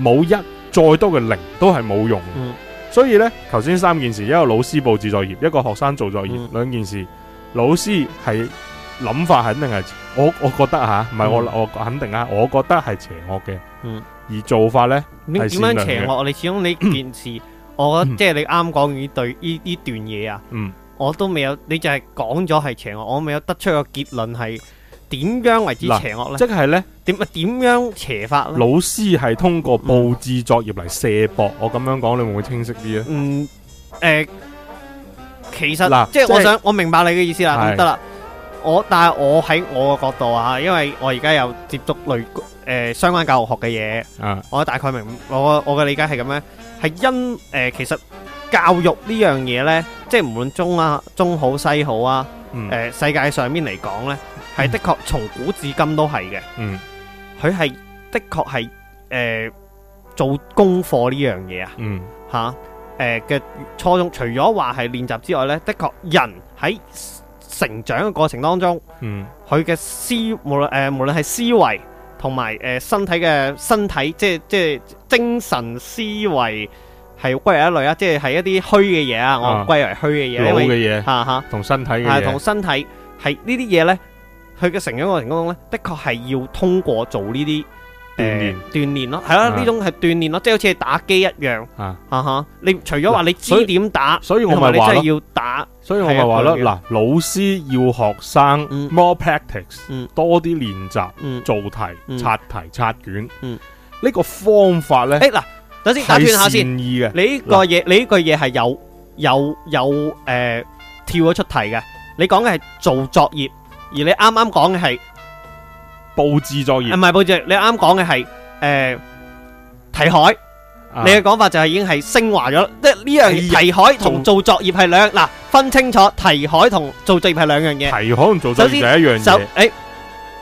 冇一再多嘅零都係冇用。嗯所以呢，頭先三件事，一個老師布置作業，一個學生做作，作業，兩、嗯、件事。老師係諗法肯定係，我我覺得吓、啊，唔係我、嗯、我肯定啊，我覺得係邪惡嘅。嗯，而做法呢，係點你樣邪惡？你始終你件事， 我覺得即係你啱講完呢對呢呢段嘢啊。嗯，我都未有，你就係講咗係邪惡，我未有得出個結論係。點樣為之邪惡呢？即係呢，點啊？點樣邪法呢？老師係通過布置作業嚟卸博，嗯、我咁樣講，你會唔會清晰啲咧？嗯，誒、呃，其實即係是是我想我明白你嘅意思啦。得啦是，我但係我喺我嘅角度啊，因為我而家有接觸類誒、呃、相關教育學嘅嘢，嗯、我大概明我我嘅理解係咁咧，係因誒、呃，其實教育呢樣嘢呢，即係唔管中啊中好西好啊，誒、嗯呃，世界上面嚟講呢。係的確從古至今都係嘅，佢係、嗯、的確係誒做功課呢樣嘢啊，吓誒嘅初衷除咗話係練習之外呢，的確人喺成長嘅過程當中，佢嘅、嗯、思無論誒、呃、無論係思維同埋誒身體嘅身體即係即係精神思維係歸為一類啊，即係係一啲虛嘅嘢啊，我歸為虛嘅嘢，嘅嘢吓吓，同身體嘅同身體係呢啲嘢咧佢嘅成長過程當中呢，的確係要通過做呢啲鍛煉，鍛煉咯，係啦，呢種係鍛煉咯，即係好似打機一樣，啊哈！你除咗話你知點打，所以我咪話咯，真係要打，所以我咪話咯，嗱，老師要學生 more practice，多啲練習，做題、刷題、刷卷，呢個方法呢，嗱，等先，打斷下先，意嘅，你呢個嘢，你呢個嘢係有有有誒跳咗出題嘅，你講嘅係做作業。而你啱啱講嘅係布置作業，唔係布置。你啱啱講嘅係誒題海，你嘅講法就係已經係升華咗，即係呢樣題海同做作業係兩，嗱分清楚題海同做作業係兩樣嘢。題海同做作業係一樣嘢。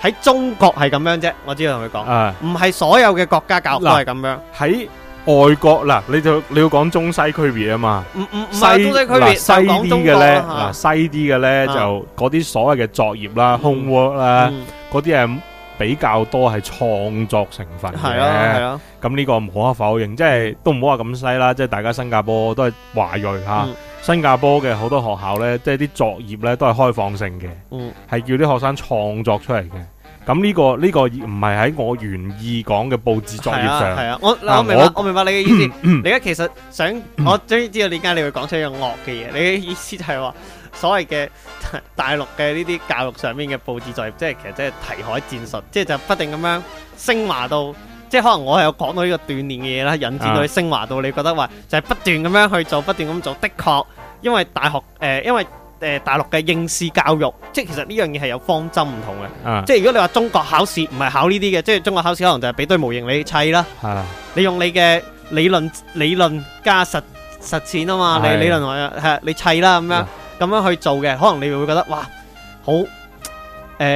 喺中國係咁樣啫，我只係同佢講，唔係所有嘅國家教育都係咁樣。喺外國嗱，你就你要講中西區別啊嘛，唔嗯係、西、中西區別，西啲嘅咧，嗱西啲嘅咧就嗰啲、嗯、所謂嘅作業啦、homework 啦，嗰啲係比較多係創作成分嘅，係啊，係啊。咁呢個唔可否認，即係都唔好話咁西啦，即係大家新加坡都係華裔哈，嗯、新加坡嘅好多學校咧，即係啲作業咧都係開放性嘅，嗯，係叫啲學生創作出嚟嘅。咁呢、這個呢、這個唔係喺我原意講嘅布置作業上，係啊，我、啊、我明白，嗯、我，我明白你嘅意思。 你而家其實想，我終於知道點解你會講出一樣惡嘅嘢。你嘅意思就係話，所謂嘅大陸嘅呢啲教育上面嘅佈置作業，即係其實即係題海戰術，即係就是、不斷咁樣升華到，即係可能我係有講到呢個鍛煉嘅嘢啦，引致到你升華到你覺得話，就係不斷咁樣去做，不斷咁做，的確，因為大學誒、呃，因為。誒、呃、大陸嘅應試教育，即係其實呢樣嘢係有方針唔同嘅，嗯、即係如果你話中國考試唔係考呢啲嘅，即係中國考試可能就係俾堆模型你砌啦，嗯、你用你嘅理論理論加實實踐啊嘛，是你理論係係你砌啦咁樣咁、嗯、樣去做嘅，可能你會覺得哇好誒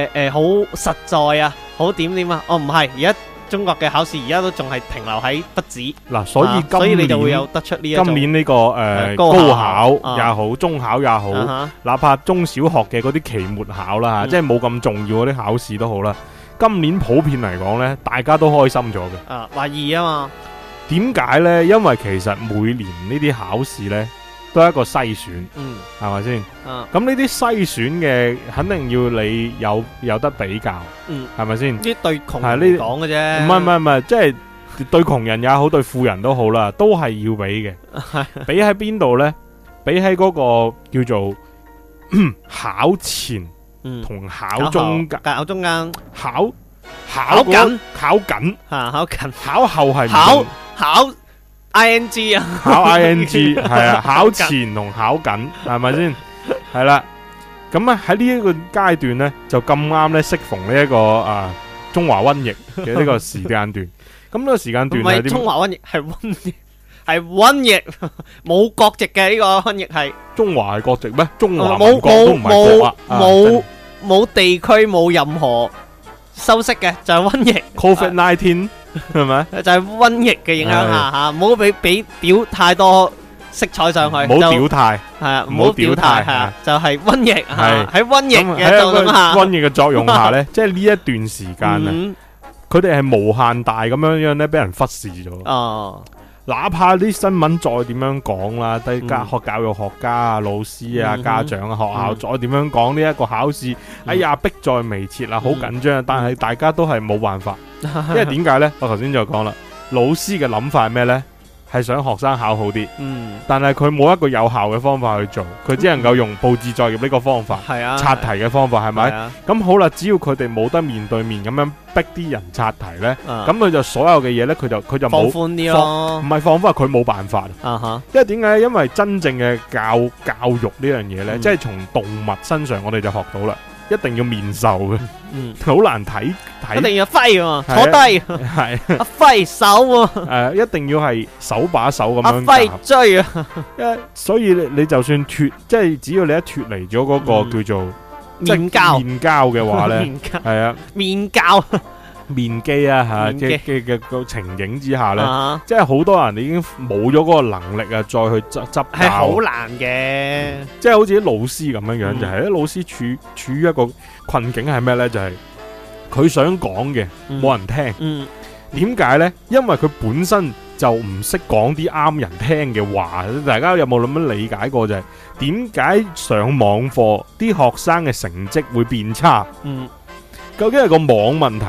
誒好實在啊，好點點啊，哦唔係而家。中國嘅考試而家都仲係停留喺不止嗱，所以今年呢，今年呢個誒高考也好，中考也好，哪怕中小學嘅嗰啲期末考啦，即係冇咁重要嗰啲考試都好啦。今年普遍嚟講呢，大家都開心咗嘅啊，話易啊嘛？點解呢？因為其實每年呢啲考試呢。都係一個篩選，嗯，係咪先？咁呢啲篩選嘅，肯定要你有有得比較，嗯，係咪先？即對窮係呢講嘅啫，唔係唔係唔係，即係對窮人也好，對富人都好啦，都係要俾嘅，係俾喺邊度咧？俾喺嗰個叫做考前，嗯，同考中間，考中間，考考緊，考緊吓，考緊，考後係考考。I N G 啊，考 I N G 係啊，考前同考緊係咪先？係啦，咁啊喺呢一個階段咧，就咁啱咧，適逢呢一個啊中華瘟疫嘅呢個時間段，咁呢個時間段唔係中華瘟疫，係瘟疫，係瘟疫，冇國籍嘅呢個瘟疫係中華係國籍咩？中華冇冇冇冇冇地區冇任何修飾嘅就係瘟疫，Covid nineteen。係咪？就係瘟疫嘅影響下吓，唔好俾俾表太多色彩上去，唔好表態，係啊，唔好表態，係啊，就係瘟疫，係喺瘟疫嘅作用下，瘟疫嘅作用下咧，即係呢一段時間啊，佢哋係無限大咁樣樣咧，俾人忽視咗啊。哪怕啲新聞再點樣講啦，啲家學教育學家啊、老師啊、嗯、哼家長啊、學校再點樣講呢一個考試，嗯、哼哎呀，迫在眉睫啦，好緊張。緊張但係大家都係冇辦法，嗯、哼因為點解呢？ 我頭先就講啦，老師嘅諗法係咩呢？係想學生考好啲，嗯，但係佢冇一個有效嘅方法去做，佢只能夠用佈置作業呢個方法，係、嗯、啊，刷題嘅方法係咪？咁、啊、好啦，只要佢哋冇得面對面咁樣逼啲人刷題呢，咁佢、嗯、就所有嘅嘢呢，佢就佢就放寬啲咯，唔係放，放寬，佢冇辦法、啊、哈因為點解？因為真正嘅教教育呢樣嘢呢，即係、嗯、從動物身上我哋就學到啦。一定要面授嘅，嗯，好難睇睇。一定要揮，坐低，係，揮手，誒，一定要係手把手咁揮追啊，所以你你就算脫，即係只要你一脫離咗嗰個叫做面交面交嘅話咧，係啊，面交。面基啊吓，嘅嘅個情景之下呢，uh huh. 即係好多人已經冇咗嗰個能力啊，再去執執係好難嘅、嗯，即係好似啲老師咁樣樣、嗯、就係啲老師處處於一個困境係咩呢？就係、是、佢想講嘅冇人聽，點解、嗯、呢？因為佢本身就唔識講啲啱人聽嘅話，大家有冇諗咁理解過就係點解上網課啲學生嘅成績會變差？嗯，究竟係個網問題？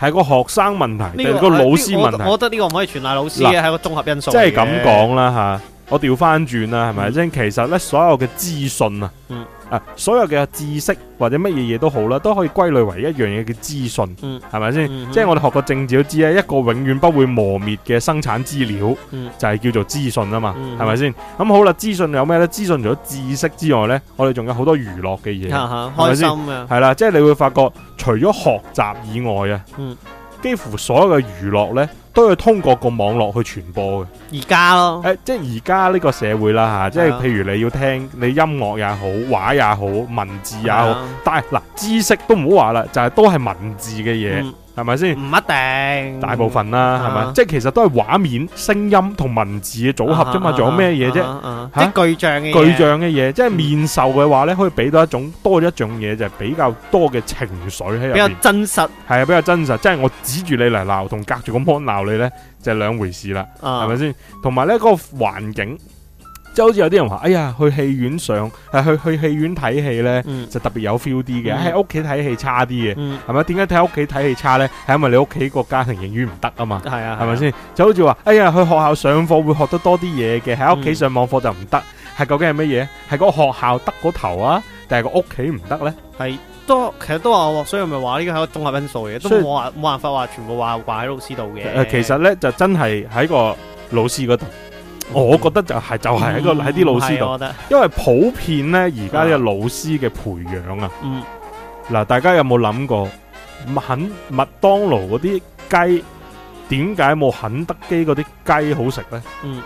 係個學生問題，這個、定係個老師問題？我覺得呢個唔可以全賴老師嘅，係嘍個綜合因素。即係咁講啦吓，我調翻轉啦，係咪先？其實咧，所有嘅資訊啊，嗯。啊！所有嘅知識或者乜嘢嘢都好啦，都可以歸類為一樣嘢叫資訊，係咪先？即係我哋學過政治都知咧，一個永遠不會磨滅嘅生產資料，嗯、就係叫做資訊啊嘛，係咪先？咁好啦，資訊有咩呢？資訊除咗知識之外呢，我哋仲有好多娛樂嘅嘢，開心嘅，係啦，即係你會發覺除咗學習以外啊。嗯幾乎所有嘅娛樂呢，都要通過個網絡去傳播嘅。而家咯，欸、即係而家呢個社會啦吓，啊、即係譬如你要聽你音樂也好，畫也好，文字也好，啊、但係知識都唔好話啦，就係、是、都係文字嘅嘢。嗯係咪先？唔一定，大部分啦，係咪？即係其實都係畫面、聲音同文字嘅組合啫嘛，仲、啊啊、有咩嘢啫？即係具象嘅嘢，嗯、即係面授嘅話呢，可以俾到一種多咗一種嘢，就係、是、比較多嘅情緒喺入邊，比較真實。係啊，比較真實。即係我指住你嚟鬧，同隔住個屏幕鬧你呢，就兩、是、回事啦。係咪先？同埋呢嗰、那個環境。就好似有啲人話，哎呀，去戲院上，係去去戲院睇戲呢，嗯、就特別有 feel 啲嘅，喺屋企睇戲差啲嘅，係咪、嗯？點解睇屋企睇戲差呢？係因為你屋企個家庭影院唔得啊嘛，係咪先？是是啊、就好似話，哎呀，去學校上課會學得多啲嘢嘅，喺屋企上網課就唔得，係、嗯、究竟係乜嘢？係個學校得嗰頭啊，定係個屋企唔得呢？係都其實都話，所以咪話呢個係個綜合因素嘅，以都冇話辦法話全部話掛喺老師度嘅。其實呢，就真係喺個老師嗰度。嗯、我覺得就係、是、就係、是、喺、嗰個喺啲、嗯、老師度，的因為普遍呢，而家嘅老師嘅培養啊，嗱嗎，大家有冇諗過肯麥當勞嗰啲雞點解冇肯德基嗰啲雞好食呢？嗯。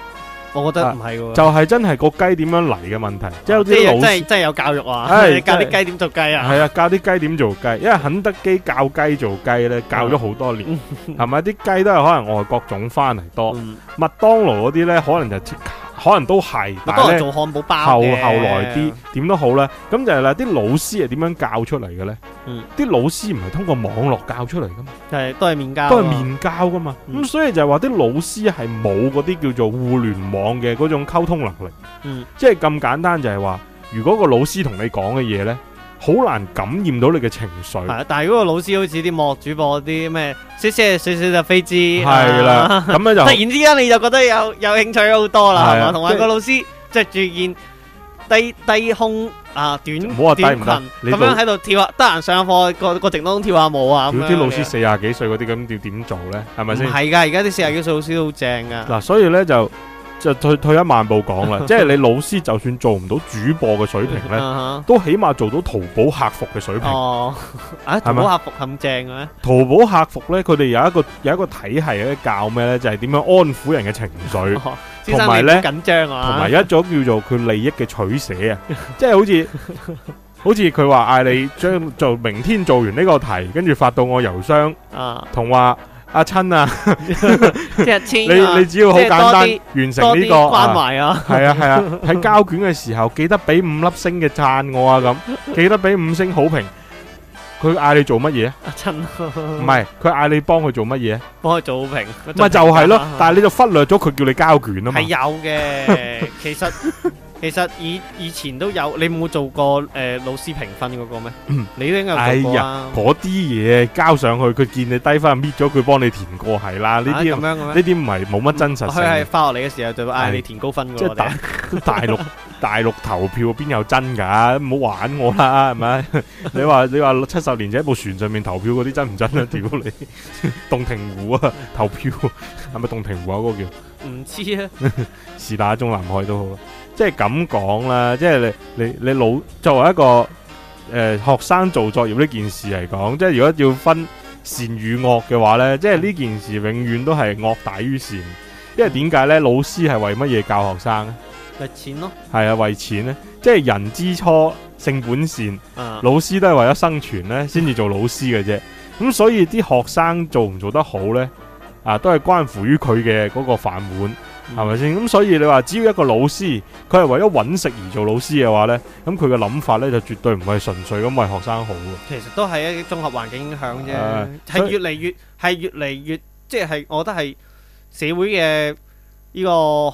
我覺得唔係喎，就係、是、真係個雞點樣嚟嘅問題，即係有啲老師真係真係有教育啊！係是教啲雞點做雞啊！係啊，教啲雞點做雞，因為肯德基教雞做雞咧，教咗好多年，係咪、啊？啲、嗯、雞都係可能外國種翻嚟多，嗯、麥當勞嗰啲咧可能就出。可能都係，都係做漢堡包後後來啲點都好咧。咁就係啦，啲老師係點樣教出嚟嘅咧？嗯，啲老師唔係通過網絡教出嚟噶嘛，係都係面教，都係面教噶嘛。咁所以就係話啲老師係冇嗰啲叫做互聯網嘅嗰種溝通能力。嗯，即係咁簡單就係話，如果個老師同你講嘅嘢咧。好難感染到你嘅情緒，係啊！但係嗰個老師好似啲網絡主播啲咩，小小嘅小小嘅飛機，啊，係啦，咁咧就突然之間你就覺得有有興趣好多啦，係嘛，啊？同埋個老師着住件低低胸啊短低短裙咁樣喺度跳啊，得閒上課個個直跳下舞啊！有啲老師四廿幾歲嗰啲咁要點做咧？係咪先？唔係噶，而家啲四廿幾歲老師都好正噶。嗱，啊，所以咧就。就退退一萬步講啦，即係你老師就算做唔到主播嘅水平呢，都起碼做到淘寶客服嘅水平、哦。啊，淘寶客服咁正嘅咩？淘寶客服呢，佢哋有一個有一個體系咧，教咩呢？就係、是、點樣安撫人嘅情緒。同埋、哦、呢，緊張啊！同埋有一種叫做佢利益嘅取捨啊，即係好似 好似佢話嗌你將做明天做完呢個題，跟住發到我郵箱同話。啊。阿親啊，你你只要好簡單完成呢個關埋啊，係啊係啊，喺交卷嘅時候記得俾五粒星嘅讚我啊咁，記得俾五星好評。佢嗌你做乜嘢？阿親，唔係，佢嗌你幫佢做乜嘢？幫佢做好評。咪就係咯，但係你就忽略咗佢叫你交卷啊嘛。係有嘅，其實。其實以以前都有，你冇做過誒老師評分嗰個咩？你應該做過啊！哎呀，嗰啲嘢交上去，佢見你低分，搣咗佢幫你填過係啦。呢啲咁樣呢啲唔係冇乜真實性。佢係返落嚟嘅時候就嗌你填高分。即係大大陸大陸投票邊有真噶？唔好玩我啦，係咪？你話你話七十年就喺一部船上面投票嗰啲真唔真啊？屌你！洞庭湖啊，投票係咪洞庭湖啊？嗰個叫唔知啊，是但中南海都好啦。即係咁講啦，即係你你你老作為一個誒、呃、學生做作業呢件事嚟講，即係如果要分善與惡嘅話呢，即係呢件事永遠都係惡大於善。因為點解呢？老師係為乜嘢教學生呢？為錢咯。係啊，為錢呢。即係人之初性本善，老師都係為咗生存呢先至做老師嘅啫。咁所以啲學生做唔做得好呢，啊都係關乎於佢嘅嗰個飯碗，係咪先？咁所以你話只要一個老師，佢係為咗揾食而做老師嘅話呢，咁佢嘅諗法呢，就絕對唔係純粹咁為學生好的。其實都係一啲綜合環境影響啫，係越嚟越係越嚟越，即係、就是、我覺得係社會嘅呢個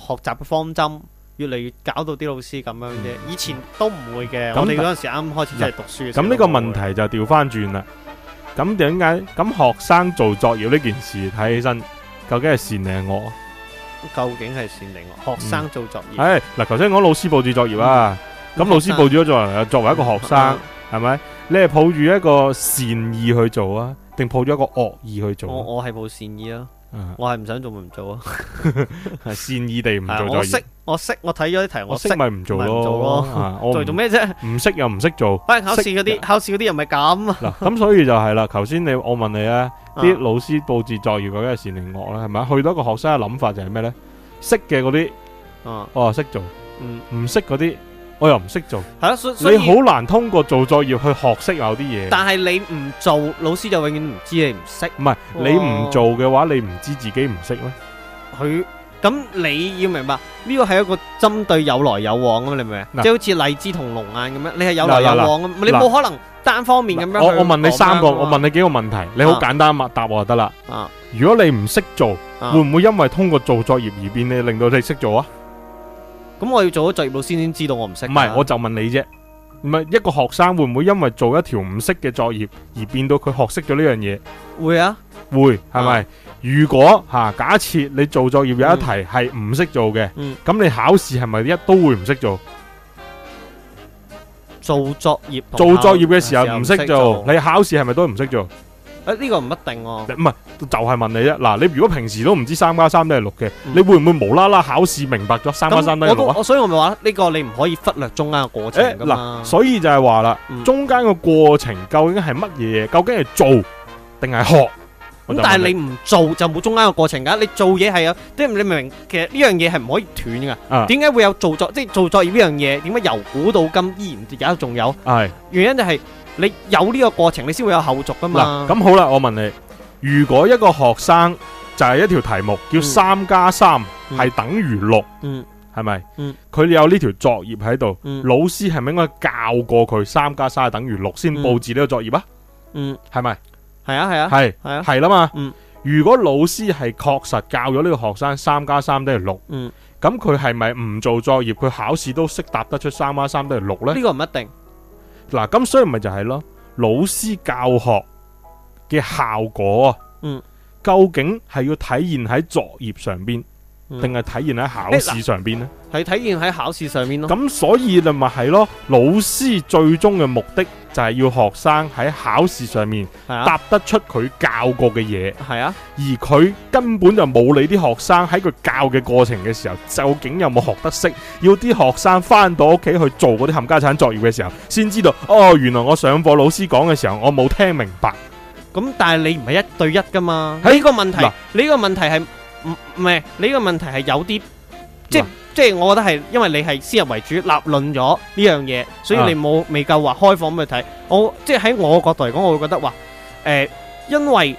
學習嘅方針越嚟越搞到啲老師咁樣啫。嗯、以前都唔會嘅，那我哋嗰陣時啱啱開始出嚟讀書嘅時候的。咁呢個問題就調翻轉啦。咁點解咁學生做作業呢件事睇起身，究竟係善定係惡？究竟係善良學生做作業？係嗱、嗯，頭先講老師布置作業啊，咁、嗯、老師布置咗作作為一個學生，係咪、嗯嗯、你係抱住一個善意去做啊，定抱住一個惡意去做？我我係抱善意啊。我係唔想做咪唔做咯，善意地唔做就完。我識我識我睇咗啲題我識咪唔做咯，做做咩啫？唔識又唔識做，考試嗰啲考試嗰啲又咪咁啊！咁所以就係啦。頭先你我問你咧，啲老師佈置作業佢係善定惡咧？係咪？去到個學生嘅諗法就係咩咧？識嘅嗰啲，哦識做，唔唔識嗰啲。我又唔識做，係咯，你好難通過做作業去學識某啲嘢。但係你唔做，老師就永遠唔知你唔識。唔係你唔做嘅話，你唔知自己唔識咩？佢咁你要明白呢個係一個針對有來有往啊嘛，你明唔明？即係好似荔枝同龍眼咁樣，你係有來有往咁，你冇可能單方面咁樣。我我問你三個，我問你幾個問題，你好簡單咁答我就得啦。啊，如果你唔識做，會唔會因為通過做作業而變你令到你識做啊？咁我要做咗作業，老師先知道我唔識。唔係，我就問你啫。唔係一個學生會唔會因為做一條唔識嘅作業而變到佢學識咗呢樣嘢？會啊會，會係咪？嗯、如果吓、啊、假設你做作業有一題係唔識做嘅，咁、嗯、你考試係咪一都會唔識做？做作業做作業嘅時候唔識做，嗯、你考試係咪都唔識做？誒，呢個唔一定哦。唔係，就係問你啫。嗱，你如果平時都唔知三加三都係六嘅，你會唔會無啦啦考試明白咗三加三都係六啊？所以我咪話呢個你唔可以忽略中間嘅過程。誒，嗱，所以就係話啦，中間嘅過程究竟係乜嘢？究竟係做定係學？咁但係你唔做就冇中間嘅過程噶。你做嘢係有，即係你明唔明？其實呢樣嘢係唔可以斷噶。點解會有做作即係做作業呢樣嘢？點解由古到今依然而家仲有？係原因就係。你有呢個過程，你先會有後續噶嘛？嗱，咁好啦，我問你，如果一個學生就係一條題目叫三加三係等於六，嗯，係咪？嗯，佢有呢條作業喺度，老師係咪應該教過佢三加三係等於六先布置呢個作業啊？嗯，係咪？係啊，係啊，係，係啊，係啦嘛。嗯，如果老師係確實教咗呢個學生三加三等於六，嗯，咁佢係咪唔做作業，佢考試都識答得出三加三等於六呢？呢個唔一定。嗱，咁所以咪就係、是、咯，老師教學嘅效果啊，嗯，究竟係要體現喺作業上邊。定係體現喺考試上邊呢係、欸、體現喺考試上面咯。咁所以咪係咯，老師最終嘅目的就係要學生喺考試上面答得出佢教過嘅嘢。係啊，而佢根本就冇理啲學生喺佢教嘅過程嘅時候，究竟有冇學得識？要啲學生返到屋企去做嗰啲冚家鏟作業嘅時候，先知道哦，原來我上課老師講嘅時候，我冇聽明白。咁但係你唔係一對一㗎嘛？呢、欸、個問題，呢、啊、個問題係。唔係，你呢個問題係有啲，即哇即係我覺得係，因為你係先入為主立論咗呢樣嘢，所以你冇、啊、未夠話開放咁去睇。我即喺我嘅角度嚟講，我會覺得話，誒、呃，因為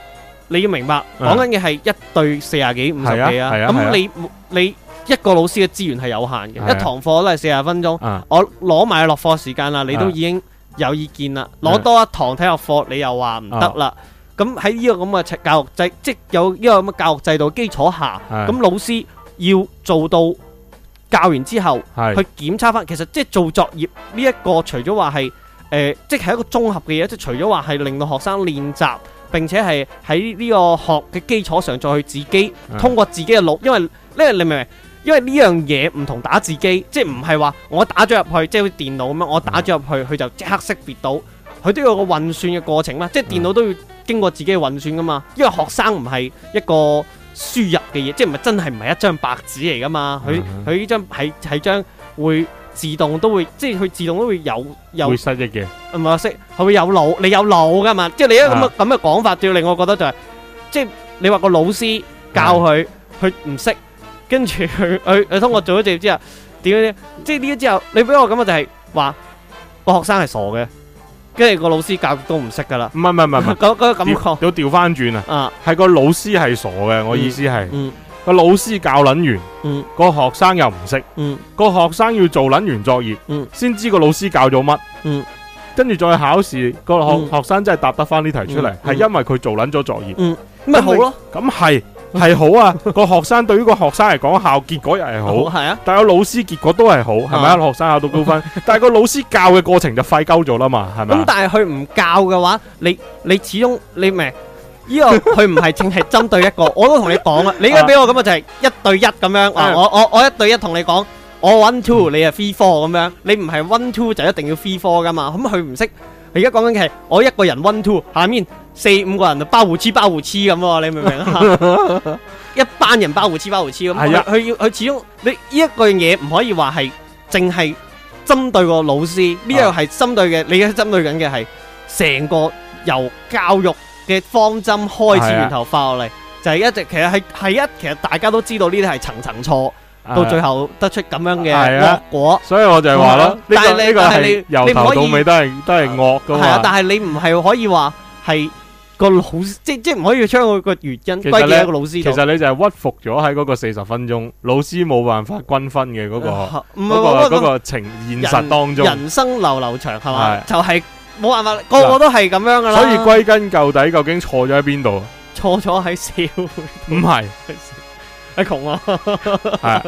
你要明白，講緊嘅係一對四十幾五十幾啊，咁、啊啊啊、你、啊啊、你，你一個老師嘅資源係有限嘅，啊、一堂課都係四十分鐘，啊、我攞埋落課時間啦，你都已經有意見啦，攞、啊、多一堂體育課，你又話唔得啦。啊。咁喺呢個咁嘅教育制，即係有呢個咁嘅教育制度的基礎下，咁是老師要做到教完之後去檢查返，是其實即係做作業呢、呃就是、一個，就是、除咗話係誒，即係一個綜合嘅嘢，即係除咗話係令到學生練習，並且係喺呢個學嘅基礎上再去自己通過自己嘅腦是，因為呢，你明唔明？因為呢樣嘢唔同打字機，即係唔係話我打咗入去，即係好似電腦咁樣，我打咗入去，佢、嗯、就即刻識別到。佢都有一個運算嘅過程嘛，即係電腦都要經過自己嘅運算噶嘛。因為學生唔係一個輸入嘅嘢，即係唔係真係唔係一張白紙嚟噶嘛。佢佢呢張係係張會自動都會，即係佢自動都會有有會失憶嘅，唔係識，佢會有腦，你有腦噶嘛？即係你一個咁嘅咁嘅講法，最、啊、令我覺得就係、是，即係你話個老師教佢，佢唔識，跟住佢佢佢通過做咗之後，點 樣，樣？即係呢啲之後，你俾我咁嘅就係話個學生係傻嘅。跟住個老師教都唔識噶啦，唔係唔係唔係，嗰嗰個感覺要調翻轉啊，係個老師係傻嘅，我意思係，個老師教捻完，個學生又唔識，個學生要做捻完作業，先知個老師教咗乜，跟住再考試個學學生真係答得翻呢題出嚟，係因為佢做捻咗作業，咪好咯，咁係。係 好啊！個學生，對於個學生嚟講，考結果又係好。係啊，是啊但係有老師結果都係好，係咪啊？學生考到高分，但係個老師教嘅過程就費鳩咗啦嘛，係咪？咁、嗯、但係佢唔教嘅話，你你始終你咪呢、這個佢唔係淨係針對一個。我都同你講啦，你而家俾我咁就係一對一咁樣。啊、我我我一對一同你講，我 one two，你係 three four 咁樣。你唔係 one two 就一定要 three four 噶嘛？咁佢唔識，你而家講緊嘅係我一個人 one two，下面。四五個人啊，包胡黐包胡黐咁喎，你明唔明啊？一班人包胡黐包胡黐咁。係啊，佢要佢始終你呢一個嘢唔可以話係淨係針對個老師，呢樣係針對嘅，你而家針對緊嘅係成個由教育嘅方針開始源頭化落嚟，就係一直其實係係一其實大家都知道呢啲係層層錯，到最後得出咁樣嘅惡果。所以我就係話咯，呢個呢個係由頭到尾都係都係惡噶嘛。係啊，但係你唔係可以話係。個老即即唔可以將佢個原因，歸結一個老師。其實你就係屈服咗喺嗰個四十分鐘，老師冇辦法均分嘅嗰個個嗰個情現實當中。人生流流長係咪，就係冇辦法個個都係咁樣噶啦。所以歸根究底，究竟錯咗喺邊度？錯咗喺社會，唔係喺窮啊。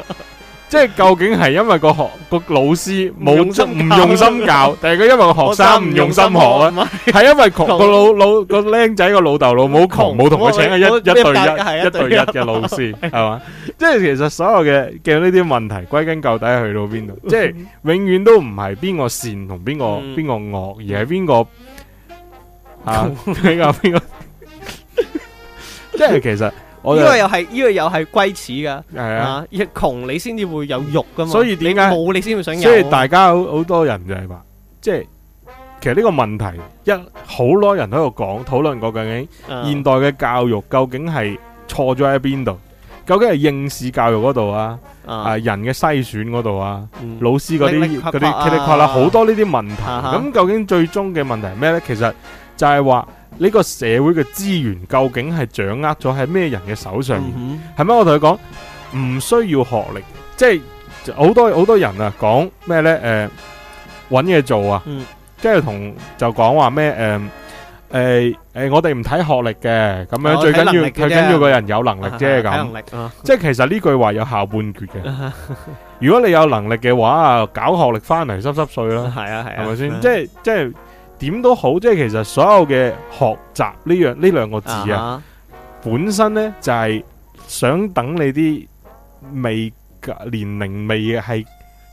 即係究竟係因為個學個老師冇心唔用心教，定係佢因為個學生唔用心學咧？係因為窮個老老個僆仔個老豆老母窮，冇同佢請一一對一一對一嘅老師，係嘛？即係其實所有嘅嘅呢啲問題歸根究底去到邊度？即係永遠都唔係邊個善同邊個邊個惡，而係邊個啊？邊個邊個？即係其實。呢個、就是、又係呢個又係龜似噶，係啊，窮、啊、你先至會有肉噶嘛，所以點解冇你先會想有？所以大家好好多人就係話，即係其實呢個問題一好多人喺度講討論過，究竟現代嘅教育究竟係錯咗喺邊度？究竟係應試教育嗰度啊？啊，啊，人嘅篩選嗰度啊？嗯、老師嗰啲噼里啪啦，好多呢啲問題。咁、啊、哈究竟最終嘅問題係咩咧？其實就係話。呢個社會嘅資源究竟係掌握咗喺咩人嘅手上？係咪、嗯、我同佢講唔需要學歷？即係好多好多人啊，講咩咧？誒、呃，搵嘢做啊，即係同就講話咩？誒誒誒，我哋唔睇學歷嘅，咁樣、哦、最緊要最緊要個人有能力啫。咁、啊，即係、啊、其實呢句話有下半決嘅。啊、如果你有能力嘅話啊，搞學歷翻嚟濕濕碎啦。係啊係係咪先？即係即係。點都好，即係其實所有嘅學習呢樣呢兩個字啊，uh huh. 本身呢就係、是、想等你啲未年齡未嘅係，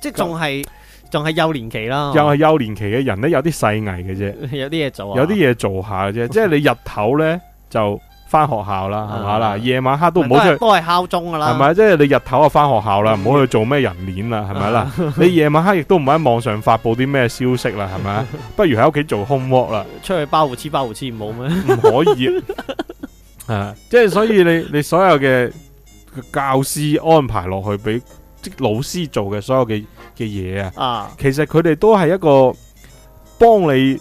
即仲係個仲係幼年期啦，又係幼年期嘅人呢，有啲細藝嘅啫， 有啲嘢做啊，有啲嘢做下嘅啫，即係你日頭呢就，翻學校啦，係嘛啦？夜、嗯、晚黑都唔好出去，都係敲鐘噶啦，係咪？即係你日頭啊，翻學校啦，唔好去做咩人鏈啦，係咪啦？嗯、你夜晚黑亦都唔喺網上發布啲咩消息啦，係咪、嗯？不如喺屋企做 home work 啦，出去包胡黐包胡黐唔好咩？唔可以，啊 即係所以你你所有嘅教師安排落去俾即老師做嘅所有嘅嘅嘢啊，啊！其實佢哋都係一個幫你。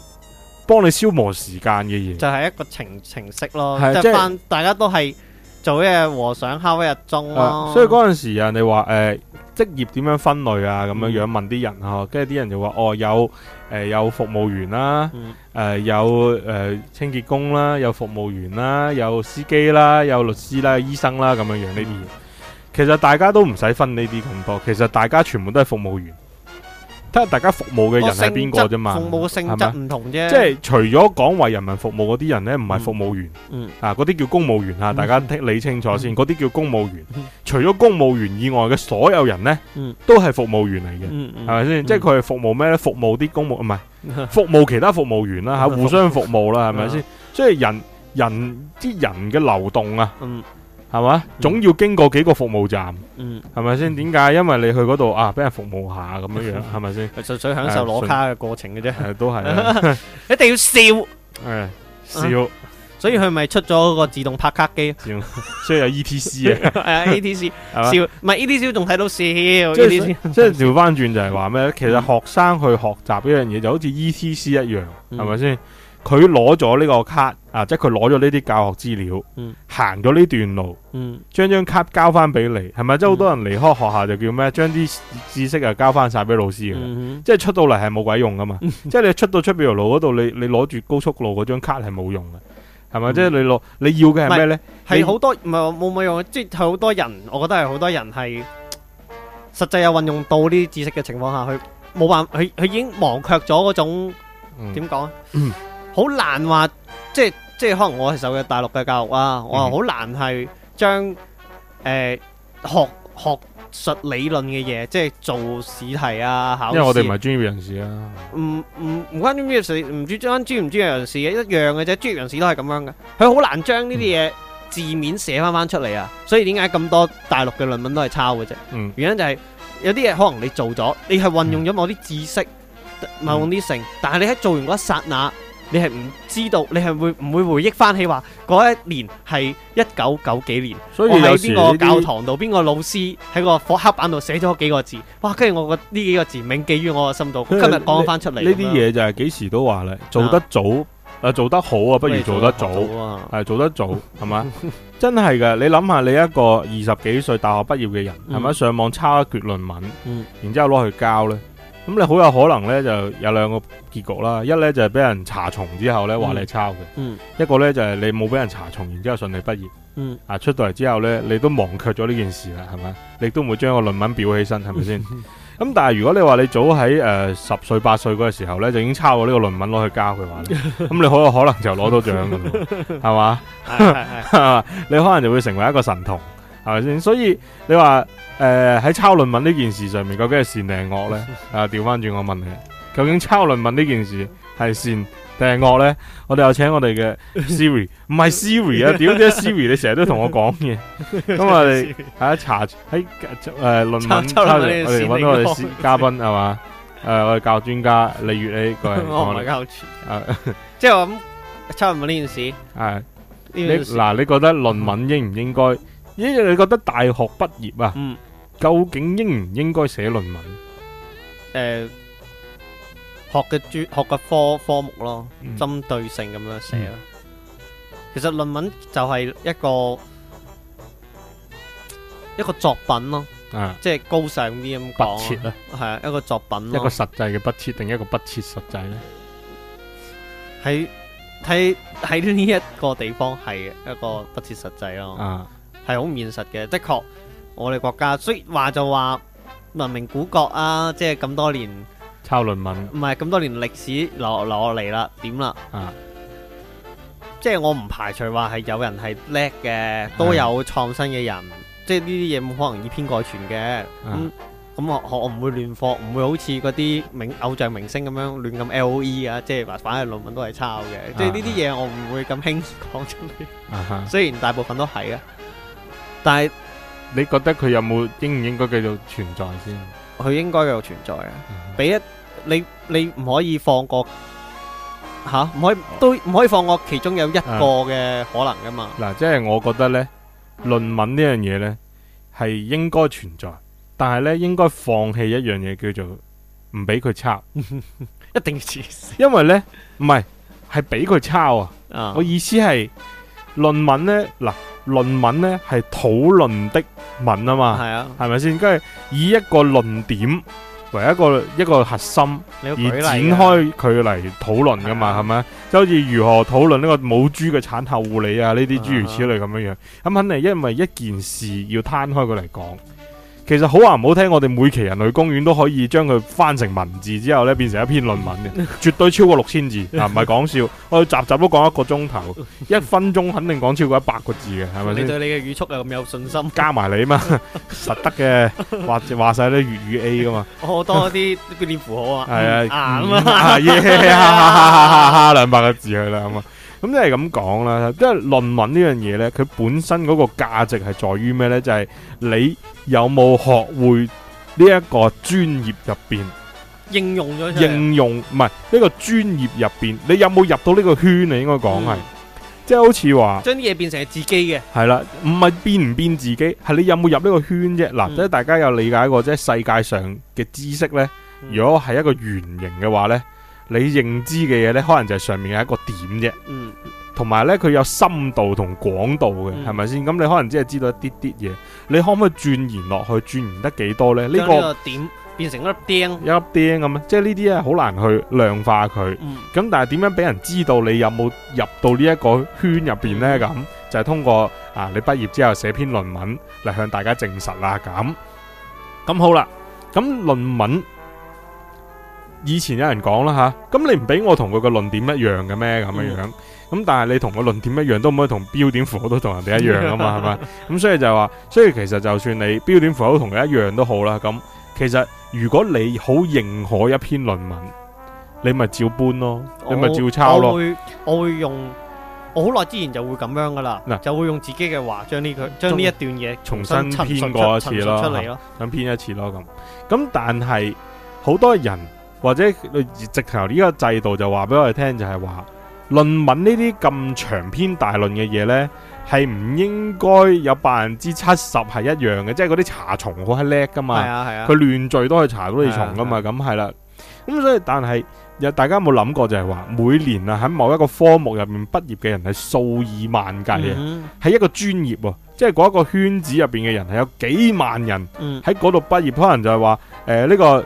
幫你消磨時間嘅嘢，就係一個程程式咯，的即係是大家都係做嘢和尚敲一日鐘咯、呃。所以嗰陣時啊，你話誒職業點樣分類啊咁樣樣問啲人嗬，跟住啲人就話哦有誒有服務員啦，誒有誒清潔工啦，有服務員啦，有司機啦、啊，有律師啦、啊，醫生啦、啊、咁樣樣呢啲嘢。其實大家都唔使分呢啲咁多，其實大家全部都係服務員。睇下大家服務嘅人係邊個啫嘛，服務嘅性質唔同啫。即係除咗講為人民服務嗰啲人咧，唔係服務員，嗯啊，嗰啲叫公務員吓，大家聽理清楚先。嗰啲叫公務員，除咗公務員以外嘅所有人咧，嗯，都係服務員嚟嘅，係咪先？即係佢係服務咩咧？服務啲公務唔係服務其他服務員啦，吓互相服務啦，係咪先？即係人人啲人嘅流動啊，嗯。係嘛，總要經過幾個服務站，嗯，係咪先？點解？因為你去嗰度啊，俾人服務下咁樣樣，係咪先？純粹享受攞卡嘅過程嘅啫，都係，一定要笑，係笑，所以佢咪出咗嗰個自動拍卡機，所以有 E T C 啊，係啊 E T C，笑，唔係 E T C 仲睇到笑，即係調翻轉就係話咩？其實學生去學習呢樣嘢就好似 E T C 一樣，係咪先？佢攞咗呢個卡啊，即係佢攞咗呢啲教學資料，行咗呢段路，將張、嗯、卡交翻俾你，係咪？即係好多人離開學校就叫咩？將啲知識啊交翻晒俾老師嘅，嗯、哼即係出到嚟係冇鬼用噶嘛？嗯、哼即係你出到出邊條路嗰度，你你攞住高速路嗰張卡係冇用嘅，係咪？即係你攞你要嘅係咩咧？係好多唔係冇冇用，即係好多人，我覺得係好多人係實際有運用到呢啲知識嘅情況下佢，冇辦，佢佢已經忘卻咗嗰種點講啊？好難話，即係即係可能我係受嘅大陸嘅教育啊，我係好難係將誒學學術理論嘅嘢，即係做試題啊考啊。因為我哋唔係專業人士啊，唔唔唔關專業唔知專專唔專業人士嘅一樣嘅啫。專業人士都係咁樣嘅，佢好難將呢啲嘢字面寫翻翻出嚟啊。嗯、所以點解咁多大陸嘅論文都係抄嘅啫？嗯，原因就係、是、有啲嘢可能你做咗，你係運用咗某啲知識，嗯、某啲成，但係你喺做完嗰一剎那。你係唔知道，你係會唔會回憶翻起話嗰一年係一九九幾年，所以我喺邊個教堂度，邊個老師喺個火黑板度寫咗幾個字，哇！跟住我個呢幾個字銘記於我嘅心度，今日講翻出嚟。呢啲嘢就係幾時都話啦，做得早啊，做得好啊，不如做得早啊，係做得早係嘛？真係噶，你諗下你一個二十幾歲大學畢業嘅人，係咪上網抄一卷論文，然之後攞去交呢。咁、嗯、你好有可能咧，就有兩個結局啦。一咧就係、是、俾人查重之後咧，話你抄嘅，嗯嗯、一個咧就係、是、你冇俾人查重，然之後順利畢業。啊，出到嚟之後咧，你都忘卻咗呢件事啦，係咪？你都唔會將個論文裱起身，係咪先？咁、嗯嗯、但係如果你話你早喺誒十歲八歲嗰個時候咧，就已經抄過呢個論文攞去交嘅話，咁 你好有可能就攞到獎噶啦，係嘛？你可能就會成為一個神童，係咪先？所以你話。誒，喺抄論文呢件事上面，究竟係善定係惡咧？啊，調翻轉我問你，究竟抄論文呢件事係善定係惡咧？我哋有請我哋嘅 Siri，唔係 Siri 啊？點解 Siri 你成日都同我講嘢？咁我哋一查喺誒論文抄嚟，我哋揾我哋嘉賓係嘛？誒，我哋教專家，例如你個人，我嚟教住，即係我諗抄論文呢件事係呢嗱，你覺得論文應唔應該？咦，你覺得大學畢業啊？嗯。究竟應唔應該寫論文？誒、呃，學嘅專學嘅科科目咯，針、嗯、對性咁樣寫。嗯、其實論文就係一個一個作品咯，嗯、即係高尚啲咁講。係啊，一個作品咯，一個實際嘅不切，定一個不切實際呢？喺喺呢一個地方係一個不切實際咯，係好、嗯、唔現實嘅，的確。我哋國家，雖話就話文明古國啊，即係咁多年抄論文，唔係咁多年歷史留落嚟啦，點啦？啊、即係我唔排除話係有人係叻嘅，都有創新嘅人，啊、即係呢啲嘢冇可能以偏概全嘅。咁咁、啊嗯、我我唔會亂放，唔會好似嗰啲明偶像明星咁樣亂咁 L O E 啊。即係話反正論文都係抄嘅。啊、即係呢啲嘢我唔會咁輕易講出嚟。啊、哈雖然大部分都係啊，但係。你覺得佢有冇應唔應該叫做存在先？佢應該有存在啊！俾一你，你唔可以放過吓，唔可以都唔可以放過其中有一個嘅可能噶嘛？嗱，即係我覺得咧，論文呢樣嘢咧係應該存在，但係咧應該放棄一樣嘢叫做唔俾佢抄，一定要黐死。因為咧唔係係俾佢抄啊！我意思係論文咧嗱，論文咧係討論的。問啊嘛，係咪先？跟住，就是，以一個論點為一個一個核心而展開佢嚟討論噶嘛，係咪？即嗎、啊、好似如何討論呢個母豬嘅產後護理啊，呢啲諸如此類咁樣樣。咁肯定因為一件事要攤開佢嚟講。其實好話唔好聽，我哋每期人類公園都可以將佢翻成文字之後咧，變成一篇論文嘅，絕對超過六千字，啊唔係講笑，我集集都講一個鐘頭，一分鐘肯定講超過一百個字嘅，係咪？你對你嘅語速又咁有信心？加埋你啊嘛，實得嘅，話就話晒啲粵語 A 噶嘛，我多啲標點符號啊，係、嗯嗯、啊，兩百個字去啦，咁啊。咁即係咁講啦，即係論文呢樣嘢呢，佢本身嗰個價值係在於咩呢？就係、是、你有冇學會呢一個專業入邊應用咗，應用唔係呢個專業入邊，你有冇入到呢個圈呢？你應該講係，即係、嗯、好似話將啲嘢變成自己嘅，係啦，唔係變唔變自己，係你有冇入呢個圈啫？嗱、嗯、即係、啊就是、大家有理解過係、就是、世界上嘅知識呢，如果係一個圓形嘅話呢。你認知嘅嘢呢，可能就係上面有一個點啫，同埋、嗯、呢，佢有深度同廣度嘅，係咪先？咁你可能只係知道一啲啲嘢，你可唔可以鑽研落去？鑽研得幾多呢？呢、這個、個點變成一粒釘，一粒釘咁啊？即係呢啲啊，好難去量化佢。咁、嗯、但係點樣俾人知道你有冇入到呢一個圈入邊呢？咁、嗯、就係通過啊，你畢業之後寫篇論文嚟向大家證實啊咁。咁好啦，咁論文。以前有人講啦吓，咁你唔俾我同佢個論點一樣嘅咩咁樣樣？咁、嗯、但係你同個論點一樣都唔可以同標點符號都同人哋一樣啊嘛係嘛？咁 所以就話，所以其實就算你標點符號都同佢一樣都好啦。咁其實如果你好認可一篇論文，你咪照搬咯，我你咪照抄咯。我,我,會我會用我好耐之前就會咁樣噶啦，啊、就會用自己嘅話將呢個將呢一段嘢重新編過一次咯，咁編一次咯咁。咁但係好多人。或者直頭呢個制度就話俾我哋聽，就係話論文呢啲咁長篇大論嘅嘢呢，係唔應該有百分之七十係一樣嘅，即係嗰啲查重好係叻噶嘛。係啊係啊，佢亂序都可以查到你重噶嘛，咁係啦。咁、啊嗯、所以但係又大家有冇諗過就係話，每年啊喺某一個科目入面畢業嘅人係數以萬計嘅喺一個專業，即係嗰一個圈子入邊嘅人係有幾萬人喺嗰度畢業，可能就係話誒呢個。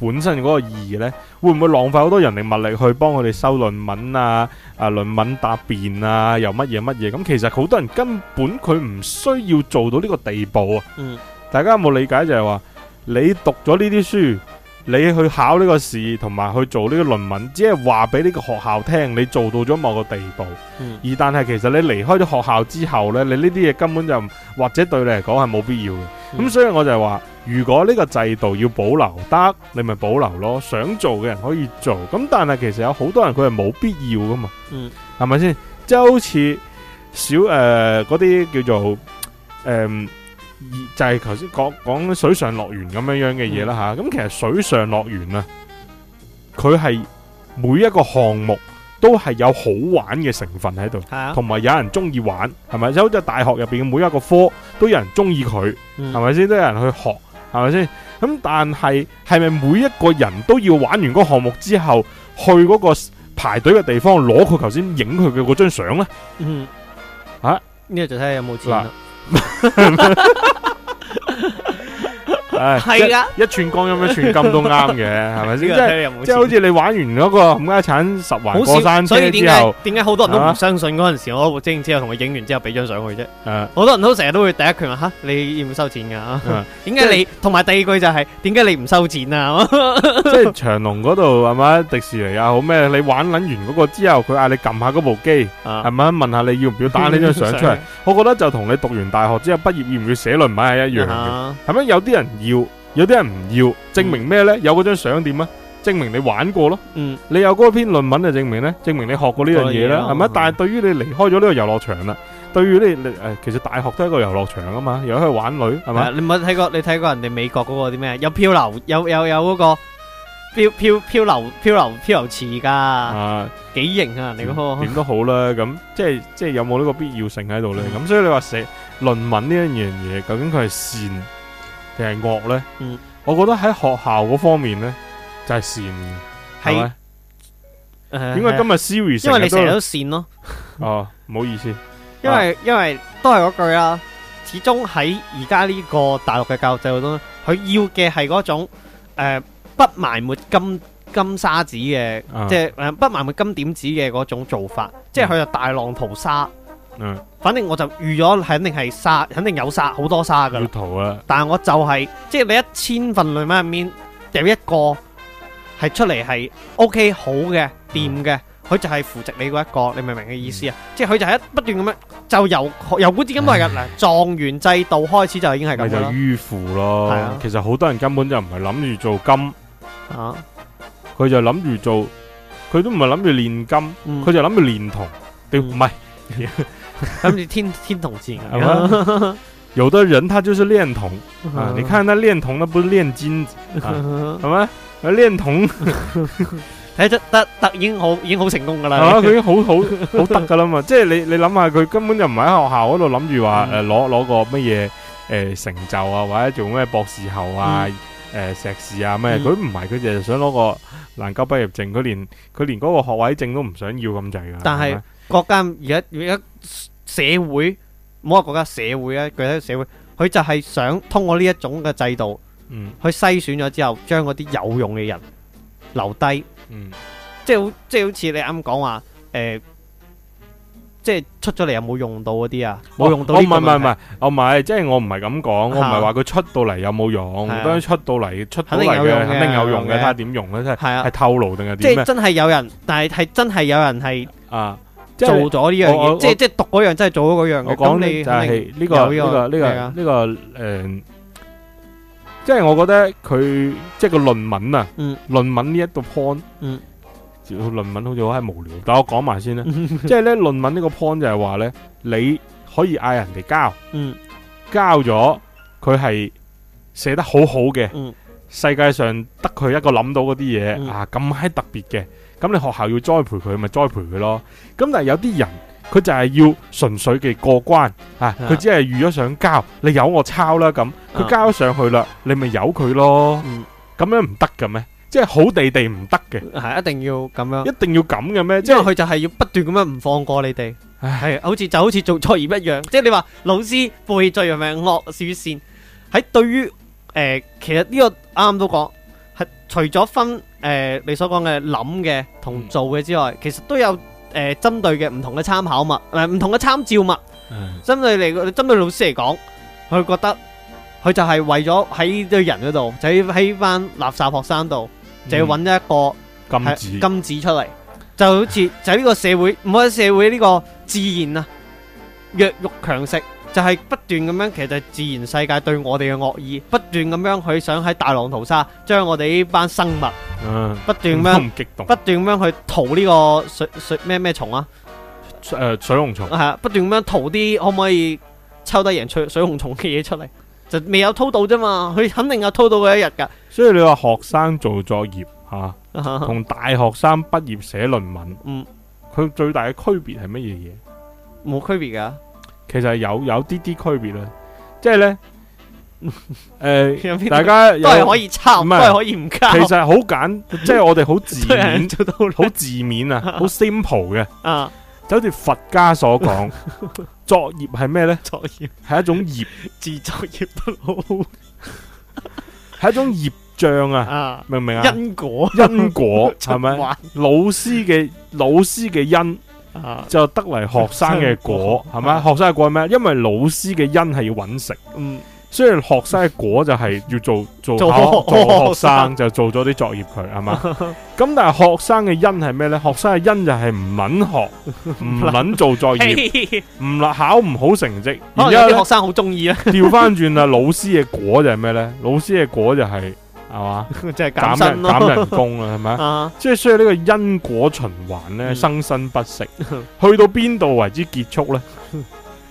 本身嗰個意義呢，會唔會浪費好多人力物力去幫佢哋修論文啊、啊論文答辯啊，又乜嘢乜嘢？咁其實好多人根本佢唔需要做到呢個地步啊。嗯，大家有冇理解就係話你讀咗呢啲書？你去考呢個試，同埋去做呢個論文，只係話俾呢個學校聽你做到咗某個地步。嗯、而但係其實你離開咗學校之後呢，你呢啲嘢根本就或者對你嚟講係冇必要嘅。咁、嗯、所以我就係話，如果呢個制度要保留得，你咪保留咯。想做嘅人可以做。咁但係其實有好多人佢係冇必要噶嘛，係咪先？即係好似小誒嗰啲叫做誒。呃就係頭先講講水上樂園咁樣樣嘅嘢啦吓，咁、嗯、其實水上樂園啊，佢係每一個項目都係有好玩嘅成分喺度，同埋、啊、有，有人中意玩，係咪？即好似大學入邊嘅每一個科都有人中意佢，係咪先？都有人去學，係咪先？咁但係係咪每一個人都要玩完嗰個項目之後去嗰個排隊嘅地方攞佢頭先影佢嘅嗰張相呢？嗯，吓呢個就睇下有冇錢、啊哈哈哈哈哈哈！哈哈。係，一一寸光陰一寸金都啱嘅，係咪先？即係即係，好似你玩完嗰個冚家鏟十環過山車之後，點解好多人都唔相信嗰陣時？我即係之後同佢影完之後俾張相佢啫。好多人都成日都會第一句問吓，你要唔要收錢噶？點解你同埋第二句就係點解你唔收錢啊？即係長隆嗰度係咪？迪士尼啊好咩？你玩捻完嗰個之後，佢嗌你撳下嗰部機，係咪問下你要唔要打呢張相出嚟？我覺得就同你讀完大學之後畢業要唔要寫論文係一樣嘅，係咪？有啲人。要有啲人唔要，證明咩呢？有嗰張相點啊？證明你玩過咯。嗯，你有嗰篇論文就證明呢，證明你學過呢樣嘢啦，係咪？但係對於你離開咗呢個遊樂場啦，對於你其實大學都係一個遊樂場啊嘛，又可以玩女，係咪？你唔係睇過？你睇過人哋美國嗰個啲咩？有漂流，有有有嗰個漂漂漂流漂流漂流池噶。啊，幾型啊！你嗰個點都好啦。咁呵呵 即係即係有冇呢個必要性喺度呢？咁所以你話寫論文呢樣嘢，究竟佢係善？係惡咧，嗯、我覺得喺學校嗰方面咧就係善，係，誒，點解今日 series 因為你成日都善咯。哦，唔、嗯、好意思，因為、啊、因為都係嗰句啦，始終喺而家呢個大陸嘅教育制度中，佢要嘅係嗰種誒、呃、不埋沒金金沙子嘅，嗯、即係誒、呃、不埋沒金點子嘅嗰種做法，即係佢就大浪淘沙。嗯，反正我就預咗，肯定係沙，肯定有沙，好多沙噶。要淘啊！但係我就係，即係你一千份量入面，有一個係出嚟係 OK 好嘅掂嘅，佢就係扶植你嗰一個，你明唔明嘅意思啊？即係佢就係一不斷咁樣，就由由古至今都係噶啦，狀元制度開始就已經係咁樣。咪就迂腐咯，係啊！其實好多人根本就唔係諗住做金啊，佢就諗住做，佢都唔係諗住煉金，佢就諗住煉銅，定唔係？咁你天天同金，有的人他就是煉銅啊！你看那煉銅，都不是煉金子，係咪？啊煉銅，睇得得得，已經好已經好成功噶啦。啊，佢已經好好好得噶啦嘛！即係你你諗下，佢根本就唔係喺學校嗰度諗住話誒攞攞個乜嘢誒成就啊，或者做咩博士後啊？誒，碩、呃、士啊咩？佢唔係，佢就係想攞個難加畢業證，佢連佢連嗰個學位證都唔想要咁滯噶。但係國家而家而家社會，唔好話國家社會啊，具體社會，佢就係想通過呢一種嘅制度，去篩、嗯、選咗之後，將嗰啲有用嘅人留低。嗯，即係好，即係好似你啱講話誒。呃即係出咗嚟有冇用到嗰啲啊？冇用到。哦，唔係唔係唔係，哦唔係，即係我唔係咁講，我唔係話佢出到嚟有冇用，當出到嚟出到嚟嘅肯定有用嘅，睇下點用咧真係。係啊，係透露定係點咩？即係真係有人，但係係真係有人係啊，做咗呢樣嘢，即係即係讀嗰樣，真係做咗嗰樣。我講你就係呢個呢個呢個呢個誒，即係我覺得佢即係個論文啊，論文呢一個 point。論文好似好係無聊，但係我講埋先咧，即係咧論文呢個 point 就係話咧，你可以嗌人哋交，嗯，交咗佢係寫得好好嘅，世界上得佢一個諗到嗰啲嘢啊，咁係特別嘅，咁你學校要栽培佢，咪栽培佢咯。咁但係有啲人佢就係要純粹嘅過關啊，佢只係預咗想交，你由我抄啦咁，佢交咗上去啦，你咪由佢咯，咁樣唔得嘅咩？即係好地地唔得嘅，係一定要咁樣，一定要咁嘅咩？即係佢就係要不斷咁樣唔放過你哋，係好似就好似做作業一樣。唉 即係你話老師布置作業係咪惡主線喺對於誒、呃，其實呢個啱啱都講係除咗分誒、呃，你所講嘅諗嘅同做嘅之外，嗯、其實都有誒針、呃、對嘅唔同嘅參考物，唔、呃、同嘅參照物。針、嗯、對嚟，針對老師嚟講，佢覺得佢就係為咗喺人嗰度，喺喺班垃圾學生度。就要揾一個金子金子出嚟，就好似就呢個社會，唔好 社會呢個自然啊，弱肉強食就係、是、不斷咁樣，其實自然世界對我哋嘅惡意，不斷咁樣佢想喺大浪淘沙，將我哋呢班生物，嗯、不斷咁樣，不斷咁樣去淘呢個水水咩咩蟲啊，誒、呃、水熊蟲係啊，不斷咁樣淘啲可唔可以抽得贏出水熊蟲嘅嘢出嚟？就未有偷到啫嘛，佢肯定有偷到嗰一日噶。所以你話學生做作業吓，同大學生畢業寫論文，嗯，佢最大嘅區別係乜嘢嘢？冇區別噶，其實有有啲啲區別啦，即係呢，誒，大家都係可以抄，都係可以唔交。其實好簡，即係我哋好字面好字面啊，好 simple 嘅啊。就好似佛家所講，作業係咩呢？作業係一種業，自作業不好，係 一種業障啊！明唔明啊？明因果，因果係咪玩？老師嘅老師嘅因，就得嚟學生嘅果，係咪，啊？係吧學生嘅果係咩？因為老師嘅因係要揾食，嗯。雖然學生嘅果就係要做做做學生，就做咗啲作業佢係嘛？咁但係學生嘅因係咩呢？學生嘅因就係唔肯學，唔肯做作業，唔考唔好成績。而家啲學生好中意啦。調翻轉啦，老師嘅果就係咩呢？老師嘅果就係，係嘛？即係減人工啊，係咪？即係所以呢個因果循環呢，生生不息，去到邊度為之結束呢？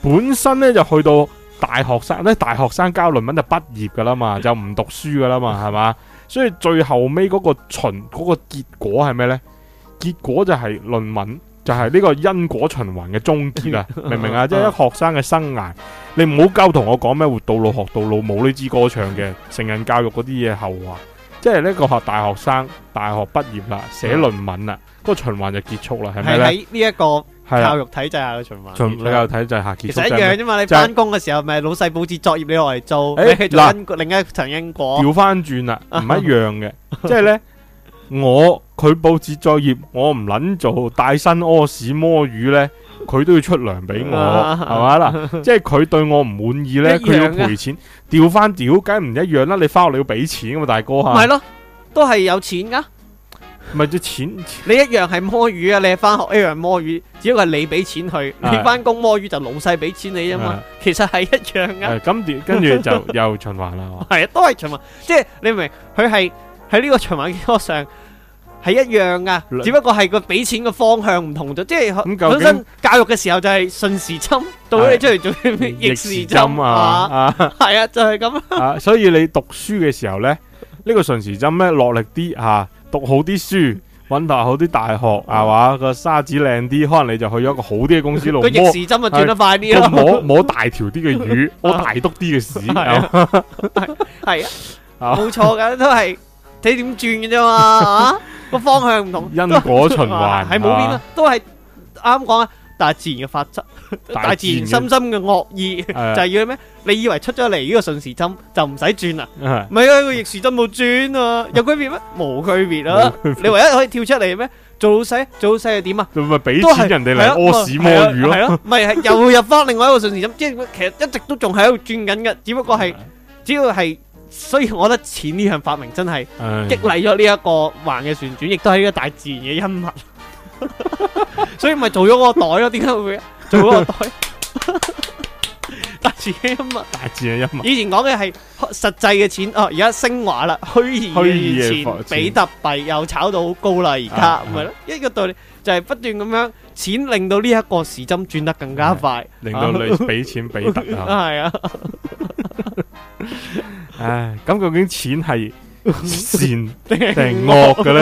本身呢，就去到。大學生咧，大學生交論文就畢業噶啦嘛，就唔讀書噶啦嘛，係嘛？所以最後尾嗰個循、那個結果係咩呢？結果就係論文，就係、是、呢個因果循環嘅終結啊！ 明唔明啊？即、就、係、是、學生嘅生涯，你唔好交同我講咩活到老學到老冇呢支歌唱嘅成人教育嗰啲嘢後話，即係呢個學大學生大學畢業啦，寫論文啦，嗯、個循環就結束啦，係咪咧？係呢一個教育體制下嘅循環，教育體制下其實一樣啫嘛，你翻工嘅時候咪老細布置作業你落嚟做，另一層因果。調翻轉啦，唔一樣嘅，即係咧，我佢布置作業，我唔捻做，帶薪屙屎摸魚咧，佢都要出糧俾我，係嘛啦？即係佢對我唔滿意咧，佢要賠錢。調翻調，梗唔一樣啦！你翻學你要俾錢噶嘛，大哥吓。係咯，都係有錢噶。唔係啲錢，你一樣係摸魚啊！你翻學一樣摸魚，只不過係你俾錢去，你翻工摸魚就老細俾錢你啫嘛。其實係一樣噶，咁跟住就又循環啦。係啊，都係循環，即係你明唔明？佢係喺呢個循環基礎上係一樣噶，只不過係個俾錢嘅方向唔同咗。即係本身教育嘅時候就係順時針，到咗你出嚟做逆時針啊！係啊，啊就係、是、咁啊。所以你讀書嘅時候咧，這個、順呢個順時針咧落力啲吓。啊讀好啲書，搵到好啲大學啊！話個沙子靚啲，可能你就去咗個好啲嘅公司。路佢逆時針咪轉得快啲咯，摸摸大條啲嘅魚，摸大篤啲嘅屎。係啊，冇錯噶，都係睇點轉嘅啫嘛，個方向唔同。因果循環係冇變啊，都係啱講啊。大自然嘅法則，大自然深深嘅惡意就係要咩？你以為出咗嚟呢個順時針就唔使轉啦？唔係啊，個逆時針冇轉啊，有區別咩？冇區別啊！你唯一可以跳出嚟咩？做老細，做老細又點啊？咪俾錢人哋嚟屙屎摸魚咯？咪係又入翻另外一個順時針，即係其實一直都仲喺度轉緊嘅，只不過係只要係，所以我覺得錢呢項發明真係激勵咗呢一個環嘅旋轉，亦都係一個大自然嘅恩物。 所以咪做咗個袋咯？點解會做咗個袋？大字嘅音樂，大字嘅音樂。以前講嘅係實際嘅錢哦，而家升華啦，虛擬嘅錢，錢比特幣又炒到好高啦，而家唔係咯。一個道理就係、是、不斷咁樣錢令到呢一個時針轉得更加快，令到你俾錢俾特啊！係 啊，唉、 啊，咁究竟錢係善定惡嘅咧？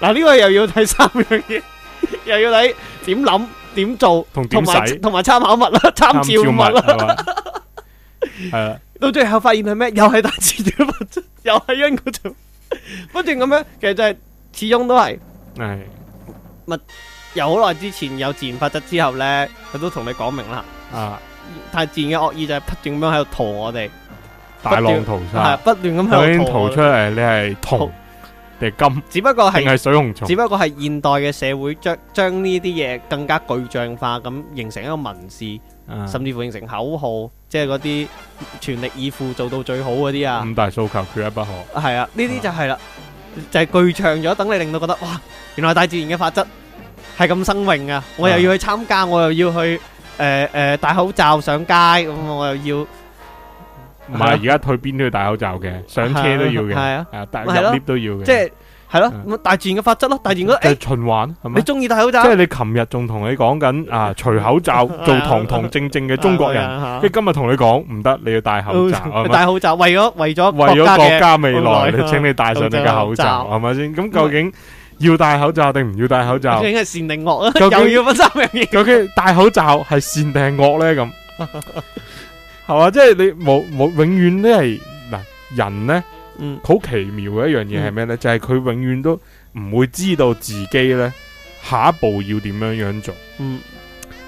嗱、 啊，呢、這個又要睇三樣嘢。又要睇點諗點做，同同埋同埋參考物啦，參照物啦，係啊，到最後發現係咩？又係大自然法則，又係因嗰種不斷咁樣，其實就係始終都係，係物由好耐之前有自然法則之後咧，佢都同你講明啦，啊，但係自然嘅惡意就係不斷咁樣喺度淘我哋，大浪淘沙係不斷咁喺度淘，突然淘出嚟，你係淘。金，只不過係，定係水紅蟲。只不過係現代嘅社會將將呢啲嘢更加具象化，咁形成一個文字，甚至乎形成口號，即係嗰啲全力以赴做到最好嗰啲啊。五大訴求，缺一不可。係啊，呢啲就係啦，就係具象咗，等你令到覺得哇，原來大自然嘅法則係咁生榮啊！我又要去參加，我又要去，誒誒，戴口罩上街，咁我又要。唔係，而家去邊都要戴口罩嘅，上車都要嘅，係啊，入 lift 都要嘅，即係係咯，大自然嘅法則咯，大自然嘅循環，係咪？你中意戴口罩？即係你琴日仲同你講緊啊，除口罩做堂堂正正嘅中國人，即係今日同你講唔得，你要戴口罩。你戴口罩為咗為咗為咗國家未來，你請你戴上你嘅口罩，係咪先？咁究竟要戴口罩定唔要戴口罩？究竟係善定惡啊？又要分三樣嘢。究竟戴口罩係善定惡咧？咁？係嘛，即係你冇冇永遠都係嗱人咧，好奇妙嘅一樣嘢係咩咧？就係佢永遠都唔會知道自己咧，下一步要點樣樣做。嗯，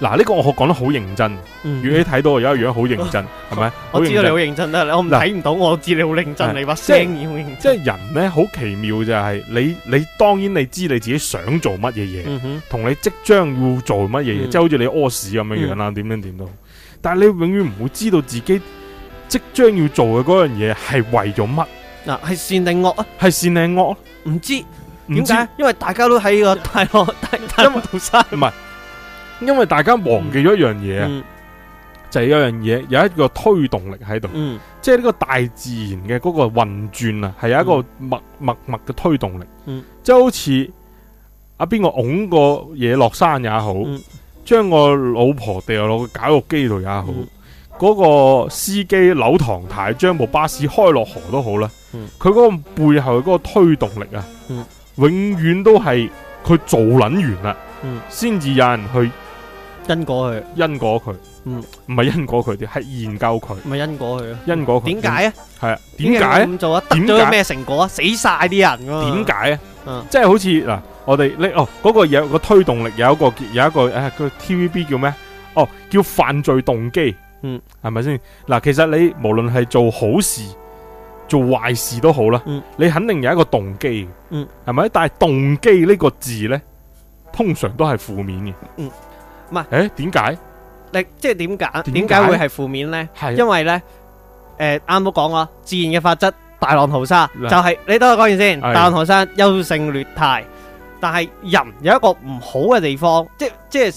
嗱呢個我講得好認真，如果你睇到我而家樣好認真，係咪？我知道你好認真啦，我唔睇唔到，我知你好認真，你把聲要認真。即係人咧好奇妙就係你你當然你知你自己想做乜嘢嘢，同你即將要做乜嘢嘢，即係好似你屙屎咁樣樣啦，點樣點到。但係你永遠唔會知道自己即將要做嘅嗰樣嘢係為咗乜？嗱，係善定惡啊？係善定惡？唔知？點解？因為大家都喺個大河 大陸大河度生，唔係，因為大家忘記咗一樣嘢，嗯、就係有樣嘢有一個推動力喺度，即係呢個大自然嘅嗰個運轉啊，係有一個默默默嘅推動力，即係、嗯、好似阿邊個㧬個嘢落山也好。嗯將個老婆掉落絞肉機度也好，嗰、嗯、個司機扭堂太將部巴士開落河都好啦，佢嗰個背後嗰個推動力啊，嗯、永遠都係佢做捻完啦，先至有人去因果佢，因果佢。嗯，唔係因果佢啲，係研究佢。唔係因果佢啊？因果佢點解啊？係啊，點解咁做啊？得到咩成果啊？死晒啲人啊？點解啊？嗯，即係好似嗱，我哋呢哦嗰個有個推動力，有一個有一個誒個 TVB 叫咩？哦，叫犯罪動機。嗯，係咪先？嗱，其實你無論係做好事做壞事都好啦，嗯，你肯定有一個動機。嗯，係咪？但係動機呢個字咧，通常都係負面嘅。嗯，唔係誒，點解？你即係點解？點解會係負面咧？係因為咧，誒啱都講啦，自然嘅法則，大浪淘沙，就係你等我講完先。大浪淘沙，優勝劣汰。但係人有一個唔好嘅地方，即即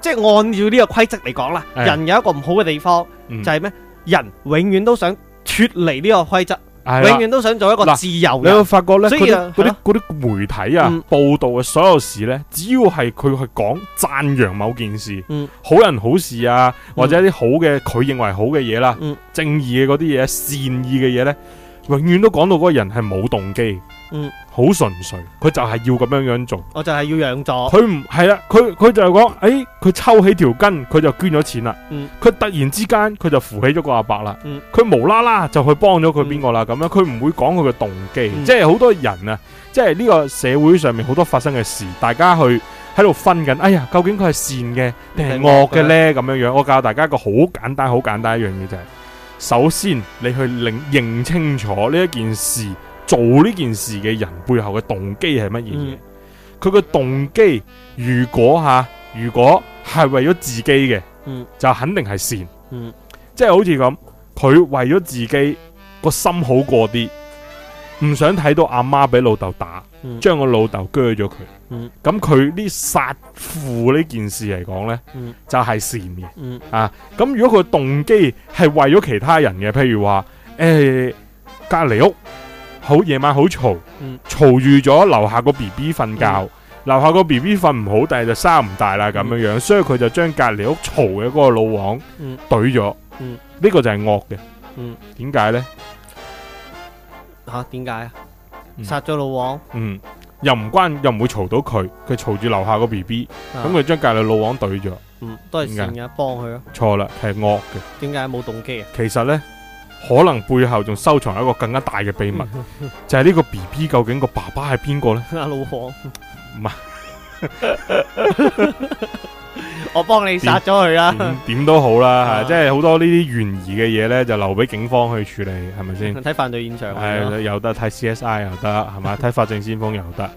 即按照呢個規則嚟講啦，人有一個唔好嘅地方就係咩？人永遠都想脫離呢個規則。啊、永遠都想做一個自由嘅人。你會發覺呢，嗰啲嗰啲媒體啊，嗯、報道嘅所有事呢，只要係佢去講讚揚某件事，嗯、好人好事啊，嗯、或者一啲好嘅，佢認為好嘅嘢啦，嗯、正義嘅嗰啲嘢、善意嘅嘢呢，永遠都講到嗰個人係冇動機。嗯，好純粹，佢就係要咁樣樣做，我就係要讓座。佢唔係啦，佢佢、啊、就係講，誒、欸，佢抽起條筋，佢就捐咗錢啦。嗯，佢突然之間佢就扶起咗個阿伯啦。嗯，佢無啦啦就去幫咗佢邊個啦咁樣，佢唔會講佢嘅動機、嗯。即係好多人啊，即係呢個社會上面好多發生嘅事，嗯、大家去喺度分緊。哎呀，究竟佢係善嘅定係惡嘅呢？咁樣樣，我教大家一個好簡單、好簡單一樣嘢就係、是，首先你去認認清楚呢一件事。做呢件事嘅人背後嘅動機係乜嘢？佢嘅動機如果吓，如果係、啊、為咗自己嘅，嗯、就肯定係善，嗯、即係好似咁，佢為咗自己個心好過啲，唔想睇到阿媽俾老豆打，將個老豆鋸咗佢。咁佢呢殺父呢件事嚟講呢，嗯、就係善嘅、嗯、啊。咁如果佢動機係為咗其他人嘅，譬如話誒隔籬屋。好夜晚好嘈，嘈住咗樓下個 B B 瞓覺，樓下個 B B 瞓唔好，但係就生唔大啦咁樣樣，所以佢就將隔籬屋嘈嘅嗰個老王懟咗。呢個就係惡嘅。點解呢？吓？點解啊？殺咗老王？嗯，又唔關，又唔會嘈到佢，佢嘈住樓下個 B B，咁佢將隔籬老王懟咗。嗯，都係善嘅，幫佢咯。錯啦，係惡嘅。點解冇動機啊？其實呢。可能背後仲收藏一個更加大嘅秘密， 就係呢個 B B 究竟個爸爸係邊個咧？老王唔係，我幫你殺咗佢啦。點都好啦，吓、啊，即係好多懸的東西呢啲懸疑嘅嘢咧，就留俾警方去處理，係咪先？睇犯罪現場係又得睇 C、SI、得 S I 又 得係咪？睇法證先鋒又得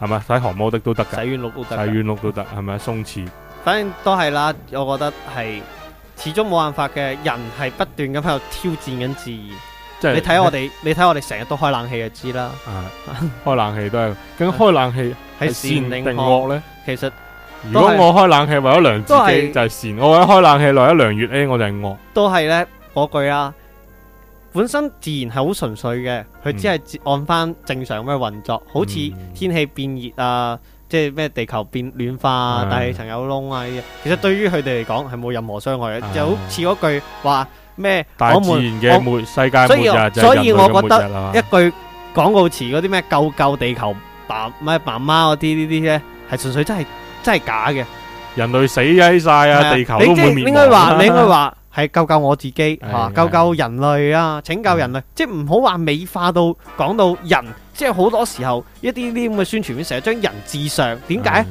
係咪？睇航魔的都得噶，洗冤錄都洗冤錄都得係嘛？宋慈，反正都係啦，我覺得係。始終冇辦法嘅人係不斷咁喺度挑戰緊自然。即係是你睇我哋，哎、你睇我哋成日都開冷氣就知啦。啊，啊開冷氣都係咁、啊、開冷氣係善定惡呢？其實如果我開冷氣為咗涼自己就係善，是我一開冷氣為咗涼月咧我就係惡。都係呢嗰句啊，本身自然係好純粹嘅，佢只係按翻正常咁樣運作，嗯、好似天氣變熱啊。即係咩地球變暖化啊，大氣層有窿啊，依啲其實對於佢哋嚟講係冇任何傷害嘅，就好似嗰句話咩，大自然嘅末世界末日。所以所以我覺得一句廣告詞嗰啲咩救救地球爸唔係爸媽嗰啲呢啲咧，係純粹真係真係假嘅。人類死喺晒啊，地球都會滅亡。你應該話，你應該話係救救我自己吓，救救人類啊，拯救人類，即係唔好話美化到講到人。即係好多時候，一啲啲咁嘅宣傳片成日將人至上，點解？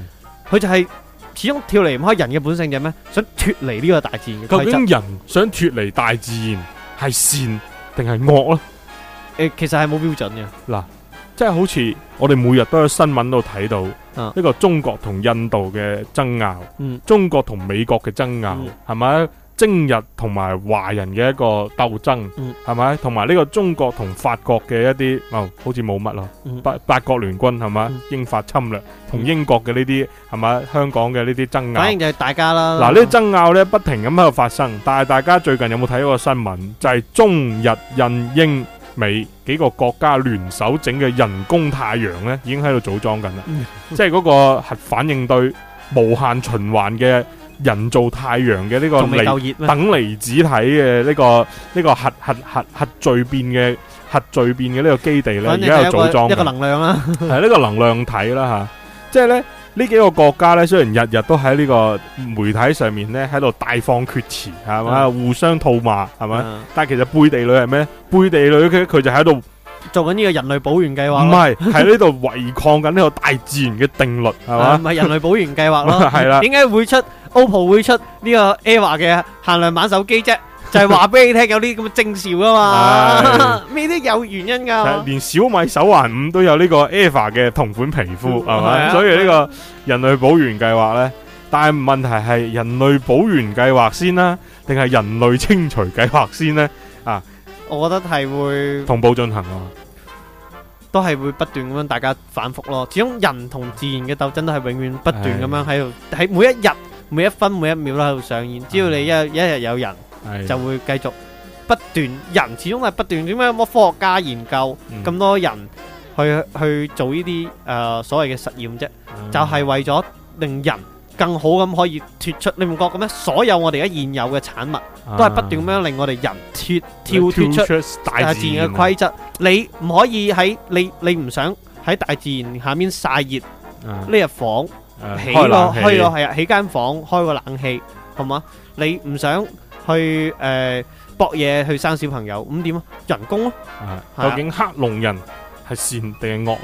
佢就係始終跳離唔開人嘅本性嘅咩？想脫離呢個大自然？究竟人想脫離大自然係善定係惡呢？誒，其實係冇標準嘅。嗱，即係好似我哋每日都喺新聞度睇到，呢個中國同印度嘅爭拗，中國同美國嘅爭拗，係咪？精日同埋華人嘅一個鬥爭，係咪、嗯？同埋呢個中國同法國嘅一啲，哦，好似冇乜咯。八八國聯軍係咪？英法、嗯、侵略同英國嘅呢啲係咪？香港嘅呢啲爭拗，反應就大家啦。嗱、啊，呢啲爭拗呢，不停咁喺度發生，嗯、但係大家最近有冇睇一個新聞？就係、是、中日印英美幾個國家聯手整嘅人工太陽呢已經喺度組裝緊啦，即係嗰個核反應堆無限循環嘅。人造太陽嘅呢個離等離子體嘅呢、呢個呢、呢個核核核核，核聚變嘅核聚變嘅呢個基地咧，而家有組裝嘅一,一個能量啦，係呢個能量體啦吓，即係咧呢呢幾個國家咧，雖然日日都喺呢個媒體上面咧喺度大放厥詞，係嘛，嗯、互相吐罵，係咪？嗯、但係其實背地裏係咩？背地裏佢佢就喺度。做緊呢個人類補完計劃，唔係喺呢度違抗緊呢個大自然嘅定律，係嘛？唔係人類補完計劃咯，係啦。點解會出 OPPO 會出呢個 EVA 嘅限量版手機啫？就係話俾你聽有啲咁嘅徵兆噶嘛，咩都有原因噶。連小米手環五都有呢個 EVA 嘅同款皮膚，係咪？所以呢個人類補完計劃咧，但係問題係人類補完計劃先啦，定係人類清除計劃先呢？我覺得係會同步進行啊，都係會不斷咁樣，大家反覆咯。始終人同自然嘅鬥爭都係永遠不斷咁樣喺度喺每一日每一分每一秒都喺度上演。只要你一一日有人，就會繼續不斷。人始終係不斷，點解有冇科學家研究咁多人去去做呢啲誒所謂嘅實驗啫，就係為咗令人。更好咁可以脫出，你唔覺嘅咩？所有我哋而家現有嘅產物，都係不斷咁樣令我哋人脫跳脫出大自然嘅規則。你唔可以喺你你唔想喺大自然下面曬熱，呢日房起咯，開咯，係啊，起間房開個冷氣，係嘛？你唔想去誒、呃、博嘢去生小朋友，咁點啊？人工咯、啊。究竟克隆人係善定係惡？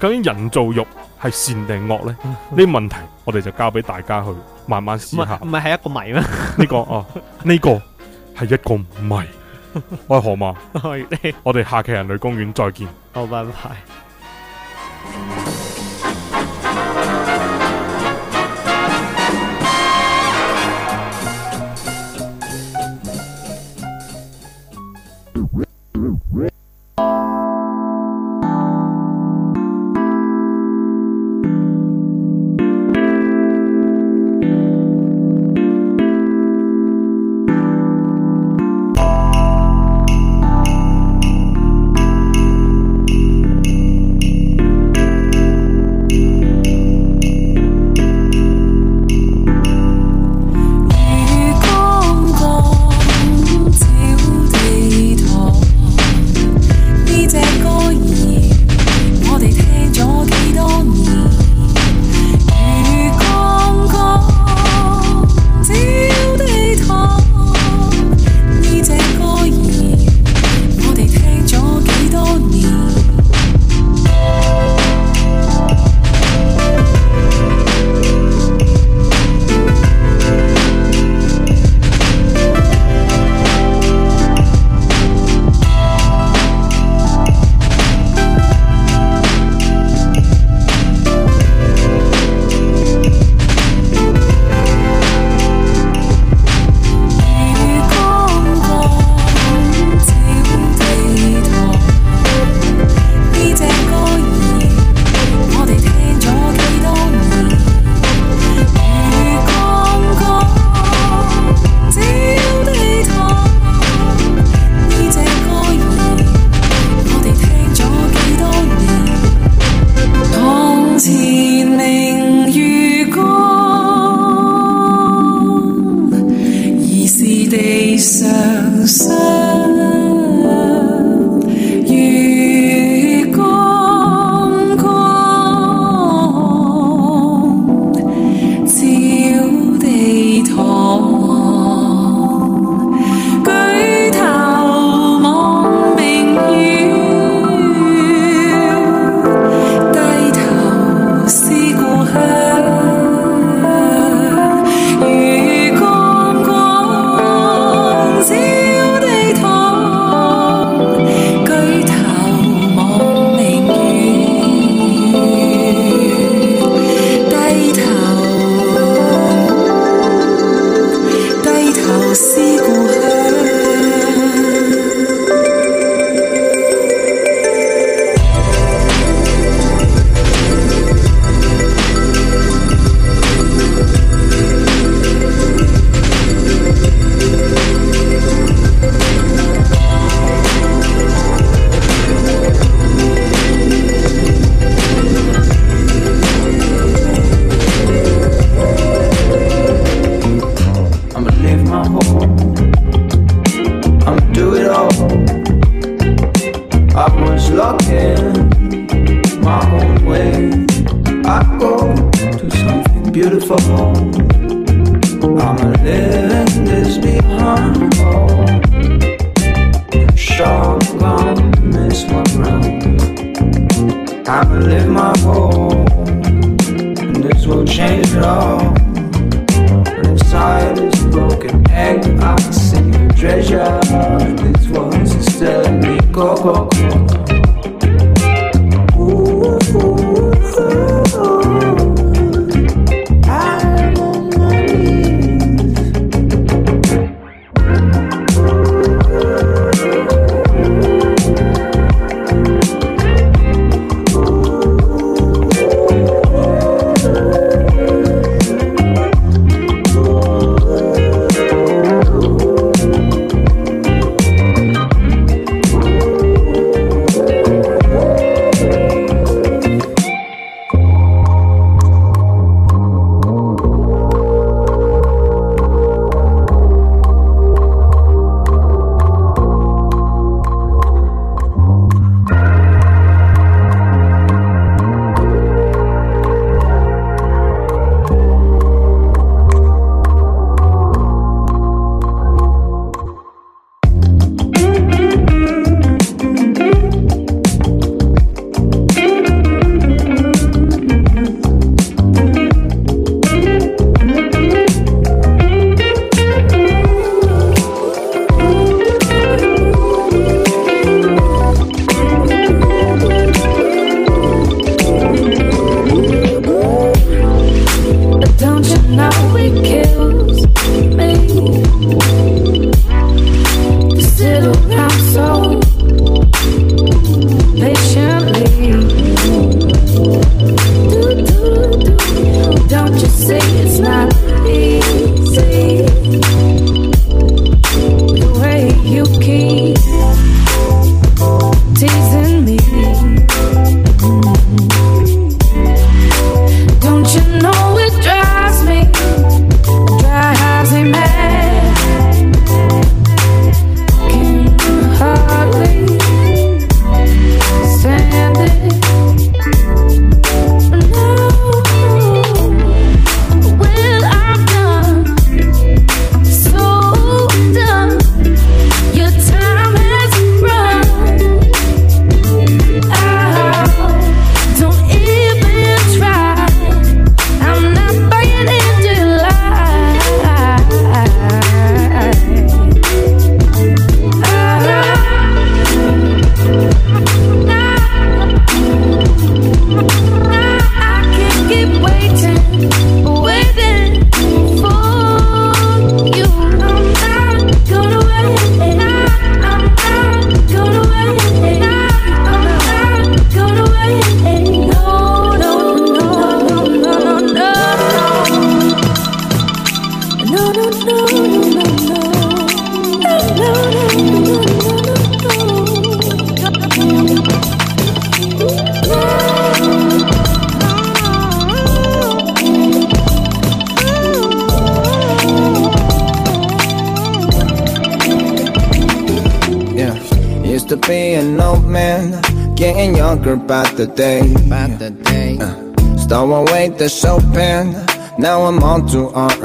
究竟人造肉，係善定惡咧？呢啲、嗯、哼問題我哋就交俾大家去慢慢思考。唔係係一個謎咩？呢 個哦、啊，呢 個係一個謎。我，係何馬， 我哋下期人類公園再見。好，拜拜。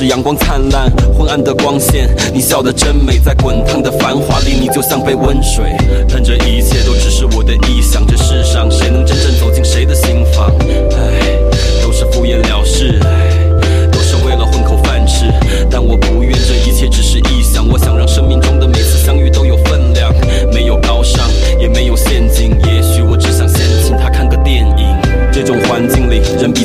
是陽光燦爛，昏暗的光線。你笑得真美，在滾燙的繁華裏，你就像杯溫水。趁着夜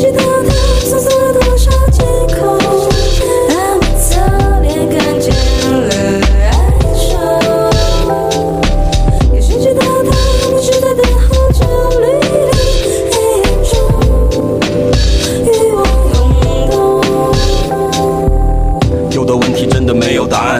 知道他他錯用了多少借口，但我側臉看見了哀愁。也許知道他不知道的活着力量，黑暗中欲望湧動。有的問題真的沒有答案。